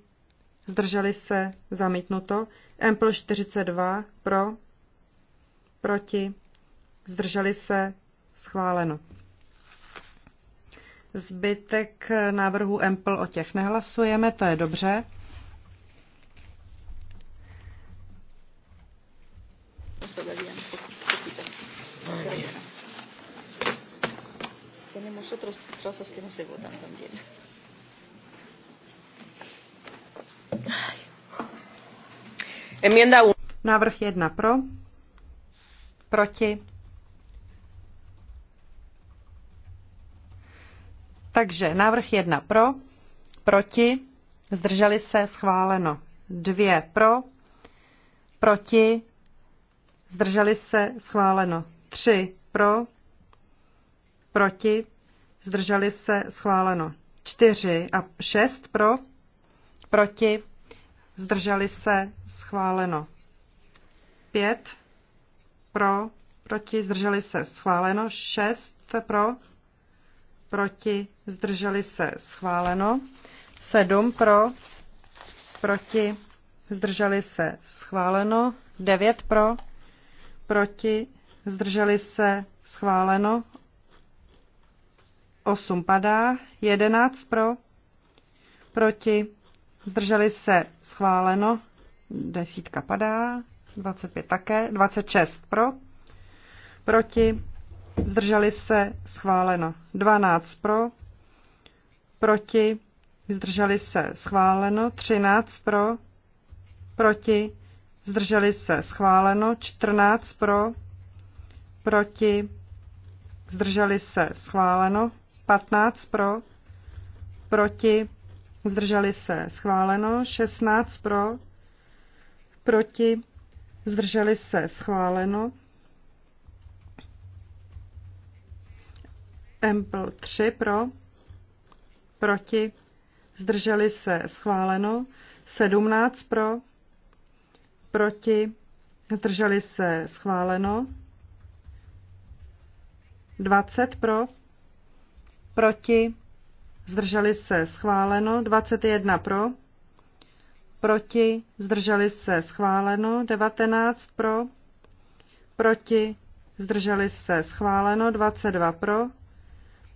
zdrželi se, zamítnuto. Mpl 42 pro, proti, zdrželi se, schváleno. Zbytek návrhu EMPL o těch nehlasujeme, to je dobře. Tenemos otros trozos que no se votan también. Návrh 1 pro, proti, Takže návrh jedna pro, proti, zdrželi se, schváleno. Dvě pro, proti, zdrželi se, schváleno. Tři pro, proti, zdrželi se, schváleno. čtyři a šest pro, proti, zdrželi se, schváleno. Pět pro, proti, zdrželi se, schváleno. Šest pro, proti, zdrželi se, schváleno. 7 pro, proti, zdrželi se, schváleno. 9 pro, proti, zdrželi se, schváleno. 8 padá, 11 pro, proti, zdrželi se, schváleno. Desítka padá, 25 také, 26 pro, proti, zdrželi se, schváleno. 12 pro, proti, zdrželi se, schváleno. 13 pro, proti, zdrželi se, schváleno. 14 pro, proti, zdrželi se, schváleno. 15 pro, proti, zdrželi se, schváleno. 16 pro, proti, zdrželi se, schváleno. Empl 3 pro, proti, zdrželi se schváleno, 17 pro, proti, zdrželi se schváleno, 20 pro, proti, zdrželi se schváleno, 21 pro, proti, zdrželi se schváleno, 19 pro, proti, zdrželi se schváleno, 22 pro,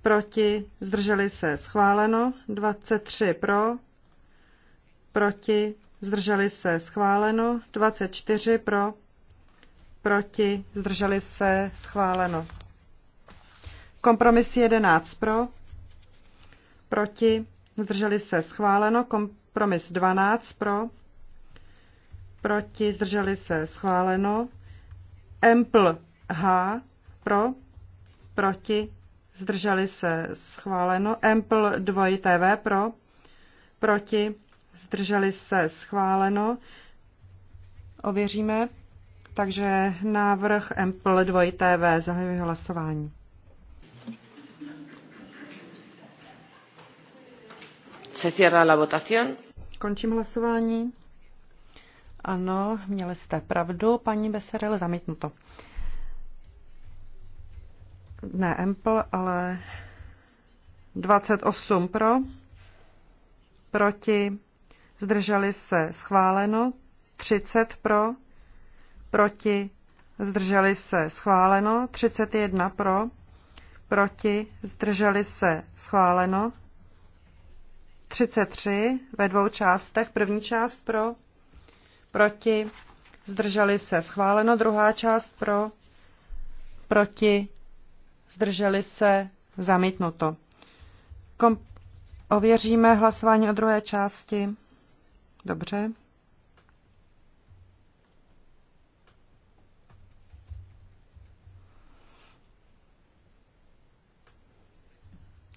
proti, zdrželi se, schváleno, 23 pro, proti, zdrželi se, schváleno, 24 pro, proti, zdrželi se, schváleno. Kompromis 11 pro, proti, zdrželi se, schváleno, kompromis 12 pro, proti, zdrželi se, schváleno, Empl H pro, proti, zdrželi se schváleno. Ample 2 TV pro, proti, zdrželi se schváleno. Ověříme. Takže návrh Ample 2 TV zahajuje hlasování. Se cierra la votación. Končím hlasování. Ano, měli jste pravdu, paní Beserel, zamítnuto. to ne Empl, ale 28 pro, proti, zdrželi se schváleno, 30 pro, proti, zdrželi se schváleno, 31 pro, proti, zdrželi se schváleno, 33 ve dvou částech, první část pro, proti, zdrželi se schváleno, druhá část pro, proti, zdrželi se, zamítnuto. Kom- ověříme hlasování o druhé části. Dobře.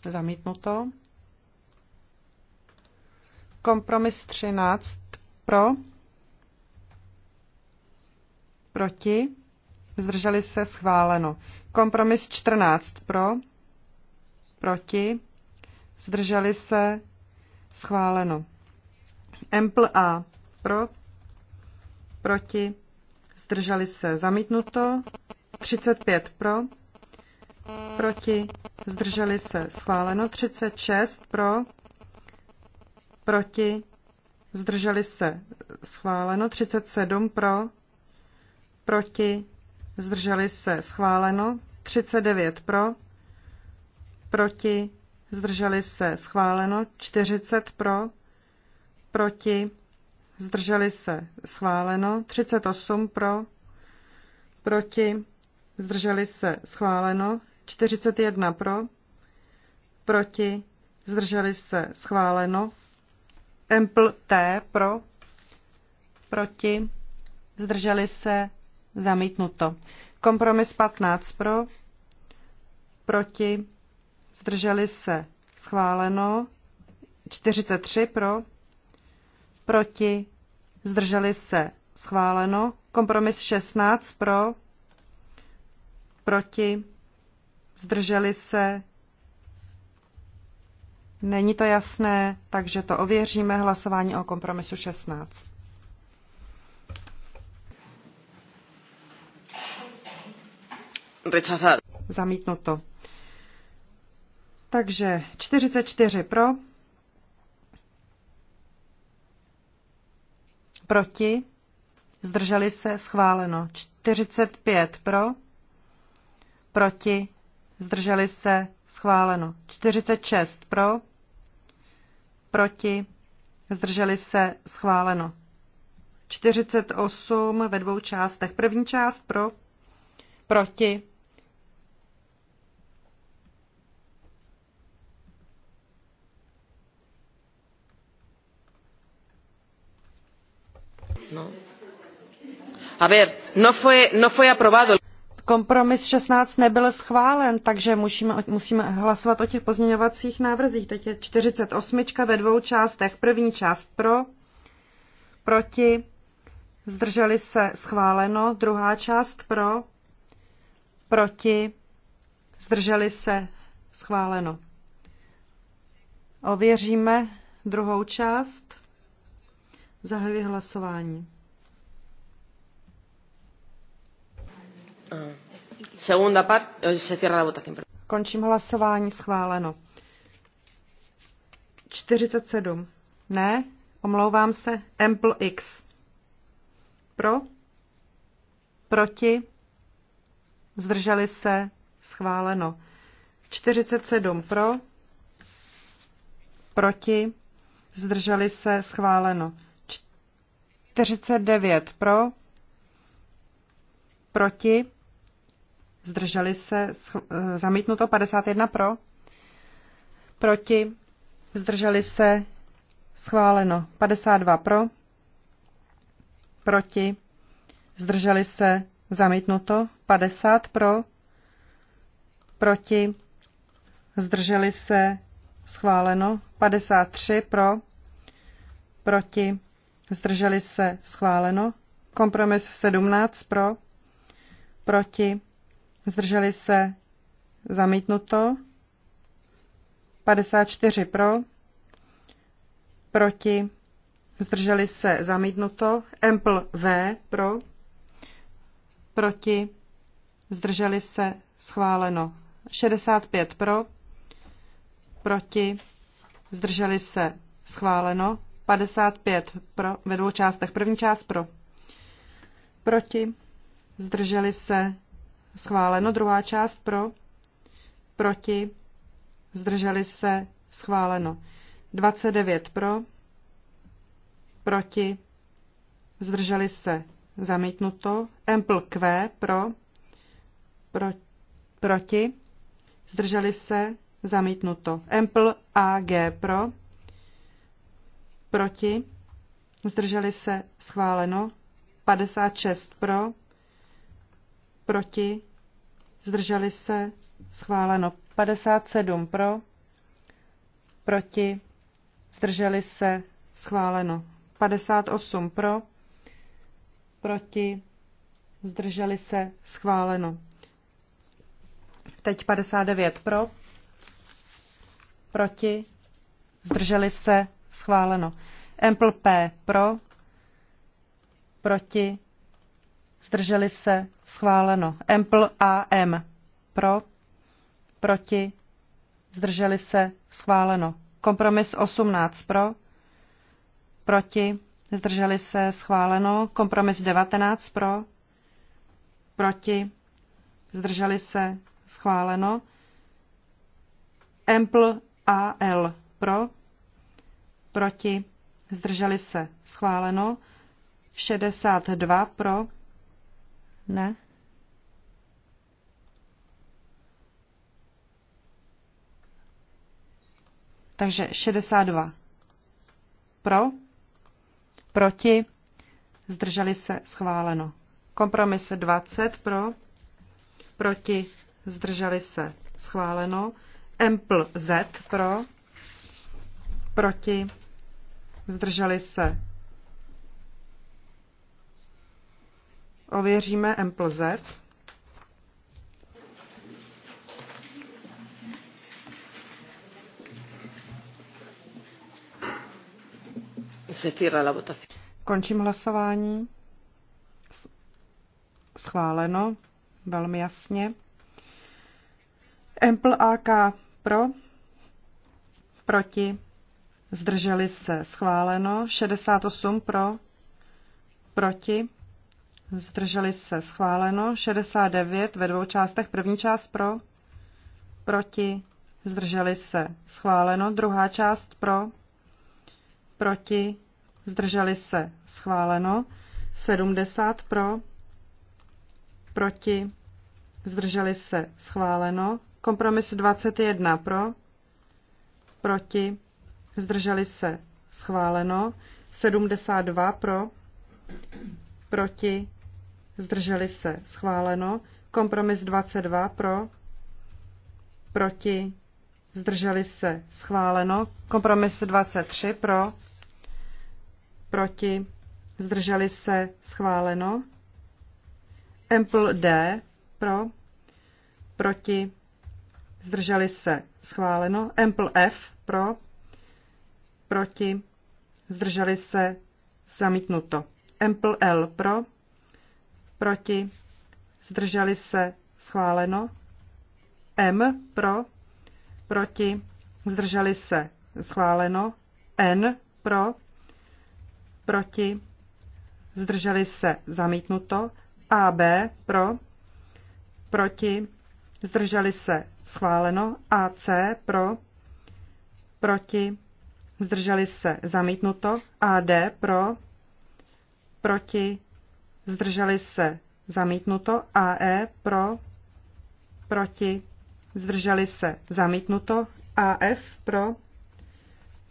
Zamítnuto. Kompromis 13 pro. Proti. Zdrželi se schváleno. Kompromis 14 pro, proti, zdrželi se, schváleno. Empl A pro, proti, zdrželi se, zamítnuto. 35 pro, proti, zdrželi se, schváleno. 36 pro, proti, zdrželi se, schváleno. 37 pro, proti, zdrželi se schváleno, 39 pro, proti, zdrželi se schváleno, 40 pro, proti, zdrželi se schváleno, 38 pro, proti, zdrželi se schváleno, 41 pro, proti, zdrželi se schváleno, empl T pro, proti, zdrželi se Zamítnuto. Kompromis 15 pro, proti, zdrželi se, schváleno. 43 pro, proti, zdrželi se, schváleno. Kompromis 16 pro, proti, zdrželi se, není to jasné, takže to ověříme, hlasování o kompromisu 16. Rechazado. Zamítnuto. Takže 44 pro. Proti. Zdrželi se. Schváleno. 45 pro. Proti. Zdrželi se. Schváleno. 46 pro. Proti. Zdrželi se. Schváleno. 48 ve dvou částech. První část pro. Proti no, no Kompromis 16 nebyl schválen, takže musíme, hlasovat o těch pozměňovacích návrzích. Teď je osmička ve dvou částech. První část pro, proti, zdrželi se schváleno. Druhá část pro, proti, zdrželi se schváleno. Ověříme druhou část. Zahajuji hlasování. Eh, Končím hlasování, schváleno. 47. Ne, omlouvám se. Ample X. Pro? Proti? Zdrželi se? Schváleno. 47 pro? Proti? Zdrželi se? Schváleno. 49 pro? Proti? zdrželi se, e, zamítnuto 51 pro, proti, zdrželi se, schváleno 52 pro, proti, zdrželi se, zamítnuto 50 pro, proti, zdrželi se, schváleno 53 pro, proti, zdrželi se, schváleno, kompromis 17 pro, proti, Zdrželi se zamítnuto. 54 pro. Proti. Zdrželi se zamítnuto. Empl V pro. Proti. Zdrželi se schváleno. 65 pro. Proti. Zdrželi se schváleno. 55 pro, ve dvou částech. První část pro. Proti. Zdrželi se schváleno. Druhá část pro, proti, zdrželi se, schváleno. 29 pro, proti, zdrželi se, zamítnuto. Empl Q pro, pro proti, zdrželi se, zamítnuto. Empl AG pro, proti, zdrželi se, schváleno. 56 pro, proti, zdrželi se, schváleno 57 pro, proti, zdrželi se, schváleno 58 pro, proti, zdrželi se, schváleno. Teď 59 pro, proti, zdrželi se, schváleno. Empl P pro, proti, zdrželi se, schváleno. Empl AM, pro, proti, zdrželi se, schváleno. Kompromis 18 pro, proti, zdrželi se, schváleno. Kompromis 19 pro, proti, zdrželi se, schváleno. Empl AL pro, proti, zdrželi se, schváleno. 62 pro, ne? Takže 62. Pro? Proti? Zdrželi se schváleno. Kompromis 20 pro? Proti? Zdrželi se schváleno. Empl Z pro? Proti? Zdrželi se Ověříme MPLZ. Končím hlasování. Schváleno, velmi jasně. Empl AK pro, proti, zdrželi se, schváleno, 68 pro, proti, Zdrželi se schváleno. 69 ve dvou částech. První část pro. Proti. Zdrželi se schváleno. Druhá část pro. Proti. Zdrželi se schváleno. 70 pro. Proti. Zdrželi se schváleno. Kompromis 21 pro. Proti. Zdrželi se schváleno. 72 pro. Proti zdrželi se, schváleno. Kompromis 22 pro, proti, zdrželi se, schváleno. Kompromis 23 pro, proti, zdrželi se, schváleno. Empl D pro, proti, zdrželi se, schváleno. Empl F pro, proti, zdrželi se, zamítnuto. Empl L pro, proti, zdrželi se, schváleno. M pro, proti, zdrželi se, schváleno. N pro, proti, zdrželi se, zamítnuto. AB pro, proti, zdrželi se, schváleno. AC pro, proti, zdrželi se, zamítnuto. AD pro, proti, zdrželi se, zamítnuto. AE pro, proti, zdrželi se, zamítnuto. AF pro,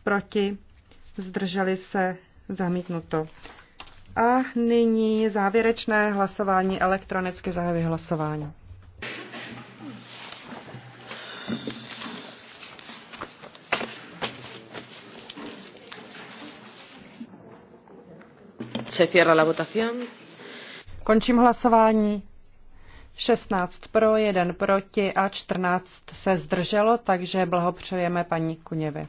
proti, zdrželi se, zamítnuto. A nyní závěrečné hlasování elektronicky zahajuje hlasování. Se cierra la votación. Končím hlasování. 16 pro, 1 proti a 14 se zdrželo, takže blahopřejeme paní Kuněvi.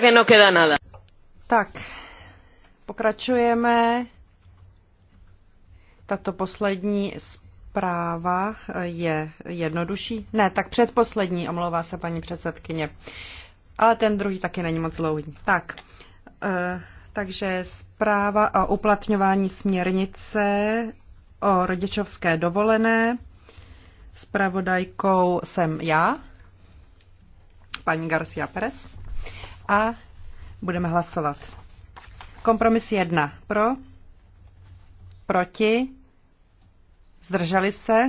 que no queda nada. Tak, pokračujeme. Tato poslední zpráva je jednodušší. Ne, tak předposlední, omlouvá se paní předsedkyně. Ale ten druhý taky není moc dlouhý. Tak, e, takže zpráva o uplatňování směrnice o rodičovské dovolené. Spravodajkou jsem já, paní Garcia Perez a budeme hlasovat. Kompromis 1 pro, proti, zdrželi se.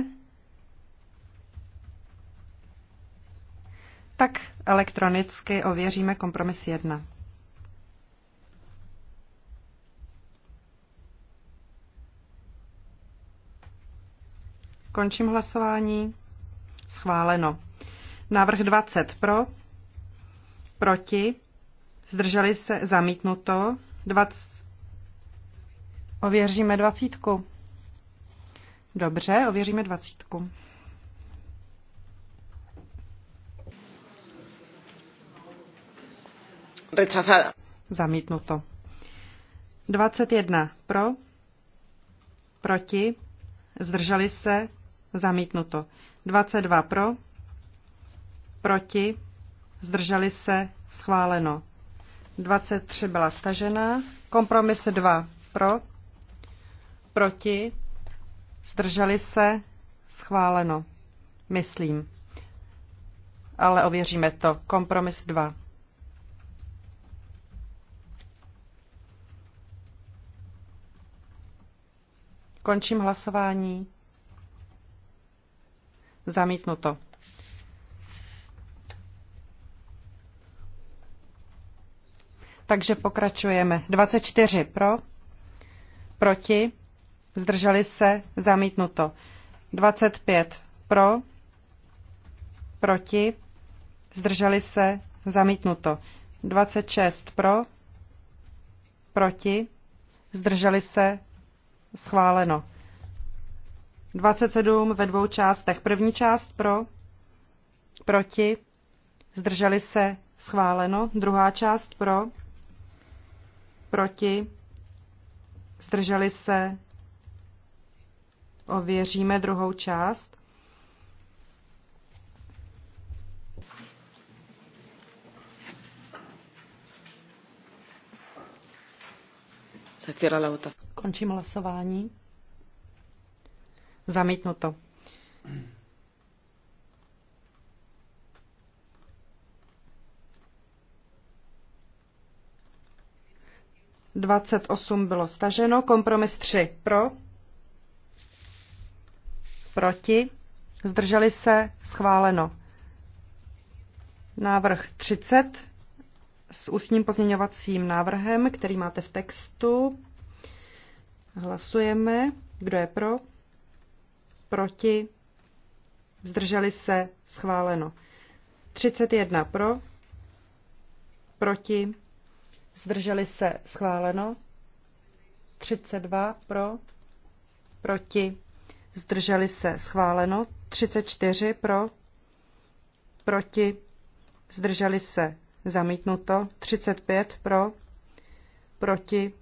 Tak elektronicky ověříme kompromis 1. Končím hlasování. Schváleno. Návrh 20 pro, proti, zdrželi se, zamítnuto. Dvac... ověříme dvacítku. Dobře, ověříme dvacítku. Rechazada. Zamítnuto. 21 pro, proti, zdrželi se, zamítnuto. 22 pro, proti, zdrželi se, schváleno. 23 byla stažena. Kompromis 2 pro, proti, zdrželi se, schváleno. Myslím. Ale ověříme to. Kompromis 2. Končím hlasování. Zamítnuto. Takže pokračujeme. 24 pro, proti, zdrželi se, zamítnuto. 25 pro, proti, zdrželi se, zamítnuto. 26 pro, proti, zdrželi se, schváleno. 27 ve dvou částech. První část pro, proti, zdrželi se, schváleno. Druhá část pro, proti, zdrželi se, ověříme druhou část. Končím hlasování. Zamítnuto. 28 bylo staženo. Kompromis 3 pro. Proti. Zdrželi se. Schváleno. Návrh 30 s ústním pozměňovacím návrhem, který máte v textu. Hlasujeme. Kdo je pro? Proti? Zdrželi se? Schváleno. 31 pro? Proti? zdrželi se schváleno, 32 pro, proti, zdrželi se schváleno, 34 pro, proti, zdrželi se zamítnuto, 35 pro, proti,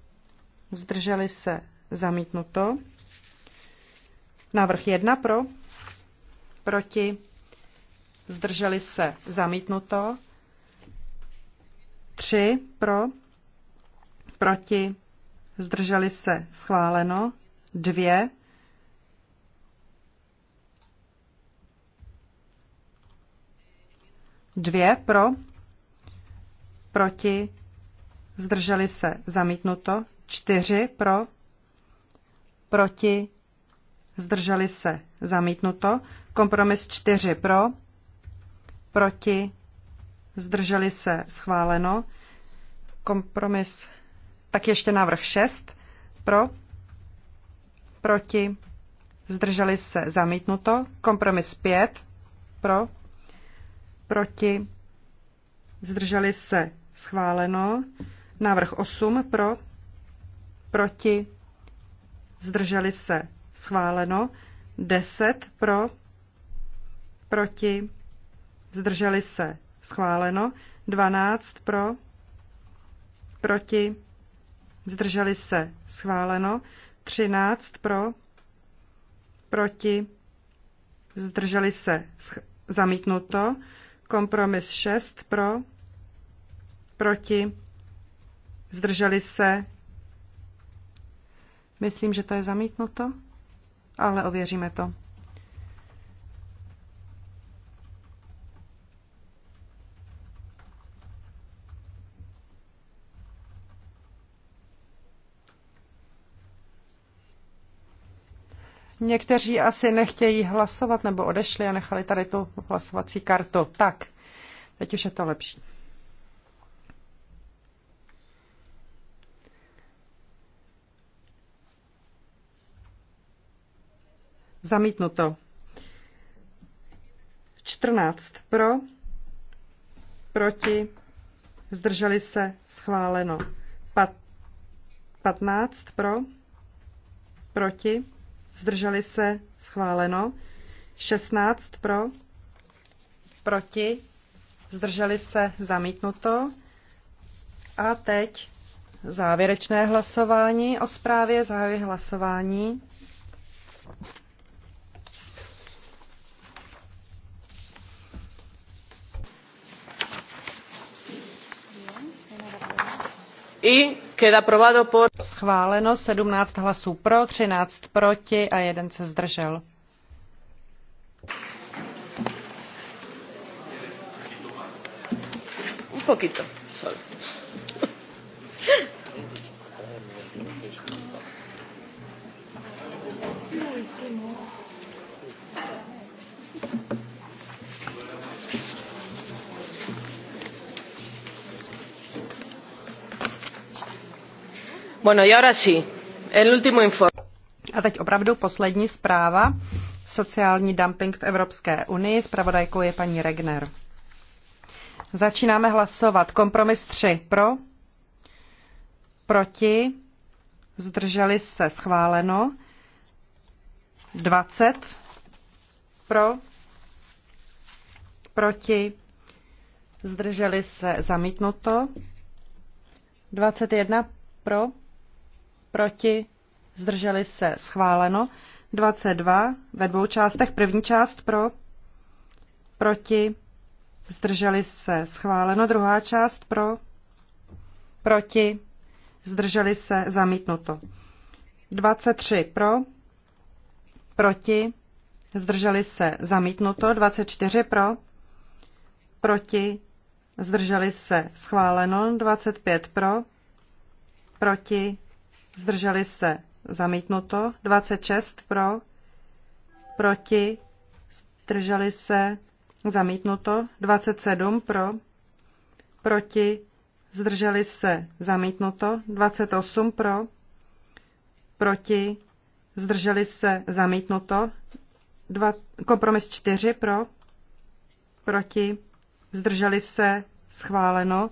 zdrželi se zamítnuto, návrh 1 pro, proti, zdrželi se zamítnuto, 3 pro, proti, zdrželi se, schváleno. Dvě, dvě pro, proti, zdrželi se, zamítnuto. Čtyři pro, proti, zdrželi se, zamítnuto. Kompromis čtyři pro, proti, zdrželi se, schváleno. Kompromis tak ještě návrh 6. Pro, proti, zdrželi se, zamítnuto. Kompromis 5. Pro, proti, zdrželi se, schváleno. Návrh 8. Pro, proti, zdrželi se, schváleno. 10 pro, proti, zdrželi se, schváleno, 12 pro, proti, zdrželi se, schváleno. 13 pro, proti, zdrželi se, zamítnuto. Kompromis 6 pro, proti, zdrželi se. Myslím, že to je zamítnuto, ale ověříme to. Někteří asi nechtějí hlasovat nebo odešli a nechali tady tu hlasovací kartu. Tak, teď už je to lepší. Zamítnuto. 14 pro, proti, zdrželi se, schváleno. 15 pro, proti, zdrželi se, schváleno. 16 pro, proti, zdrželi se, zamítnuto. A teď závěrečné hlasování o zprávě, závěr hlasování. i queda aprobado por... Schváleno 17 hlasů pro, 13 proti a jeden se zdržel. Un poquito, solo. A teď opravdu poslední zpráva. Sociální dumping v Evropské unii. Spravodajkou je paní Regner. Začínáme hlasovat. Kompromis 3 pro, proti, zdrželi se schváleno. 20 pro, proti, zdrželi se zamítnuto. 21 pro, proti, zdrželi se, schváleno. 22 ve dvou částech, první část pro, proti, zdrželi se, schváleno. Druhá část pro, proti, zdrželi se, zamítnuto. 23 pro, proti, zdrželi se, zamítnuto. 24 pro, proti, zdrželi se, schváleno. 25 pro, proti, zdrželi se, zamítnuto, 26 pro, proti, zdrželi se, zamítnuto, 27 pro, proti, zdrželi se, zamítnuto, 28 pro, proti, zdrželi se, zamítnuto, dva, kompromis 4 pro, proti, zdrželi se, schváleno,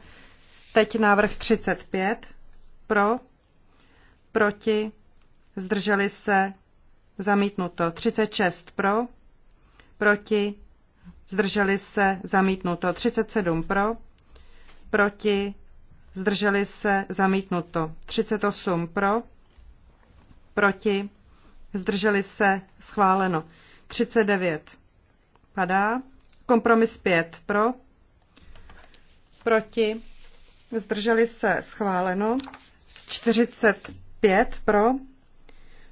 teď návrh 35 pro, proti, zdrželi se, zamítnuto. 36 pro, proti, zdrželi se, zamítnuto. 37 pro, proti, zdrželi se, zamítnuto. 38 pro, proti, zdrželi se, schváleno. 39 padá, kompromis 5 pro, proti, zdrželi se, schváleno. 40 5 pro,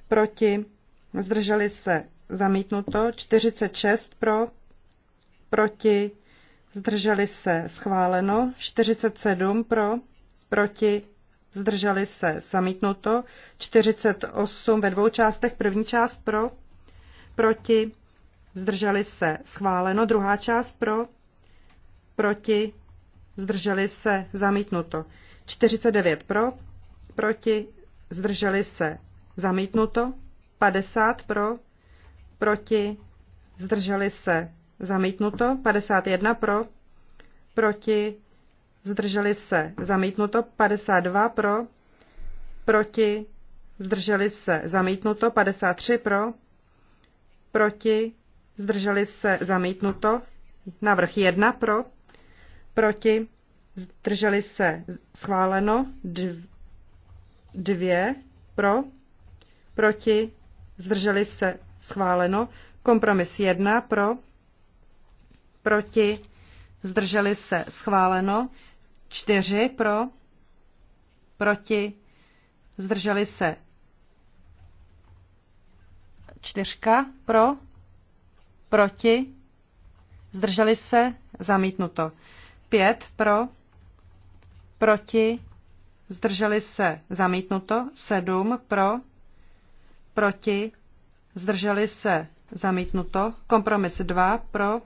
proti, zdrželi se zamítnuto, 46 pro, proti, zdrželi se schváleno, 47 pro, proti, zdrželi se zamítnuto, 48 ve dvou částech, první část pro, proti, zdrželi se schváleno, druhá část pro, proti, zdrželi se zamítnuto, 49 pro, proti, zdrželi se, zamítnuto, 50 pro, proti, zdrželi se, zamítnuto, 51 pro, proti, zdrželi se, zamítnuto, 52 pro, proti, zdrželi se, zamítnuto, 53 pro, proti, zdrželi se, zamítnuto, Navrh 1 pro, proti, zdrželi se, schváleno, 2 pro, proti, zdrželi se, schváleno. Kompromis 1 pro, proti, zdrželi se, schváleno. 4 pro, proti, zdrželi se. Čtyřka pro, proti, zdrželi se, zamítnuto. 5 pro, proti, zdrželi se zamítnuto, 7 pro, proti, zdrželi se zamítnuto, kompromis 2 pro,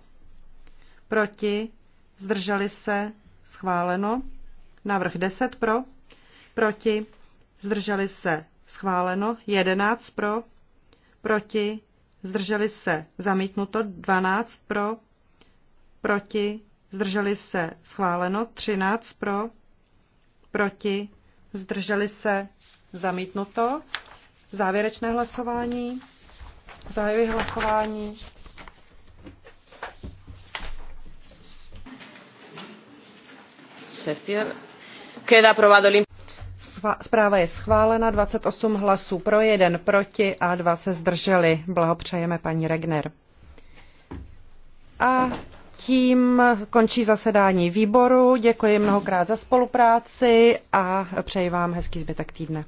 proti, zdrželi se schváleno, návrh 10 pro, proti, zdrželi se schváleno, 11 pro, proti, zdrželi se zamítnuto, 12 pro, proti, zdrželi se schváleno, 13 pro, proti, zdrželi se, zamítnuto. Závěrečné hlasování, zahajuji hlasování. Zpráva je schválena, 28 hlasů pro, jeden proti a dva se zdrželi. Blahopřejeme paní Regner. A tím končí zasedání výboru. Děkuji mnohokrát za spolupráci a přeji vám hezký zbytek týdne.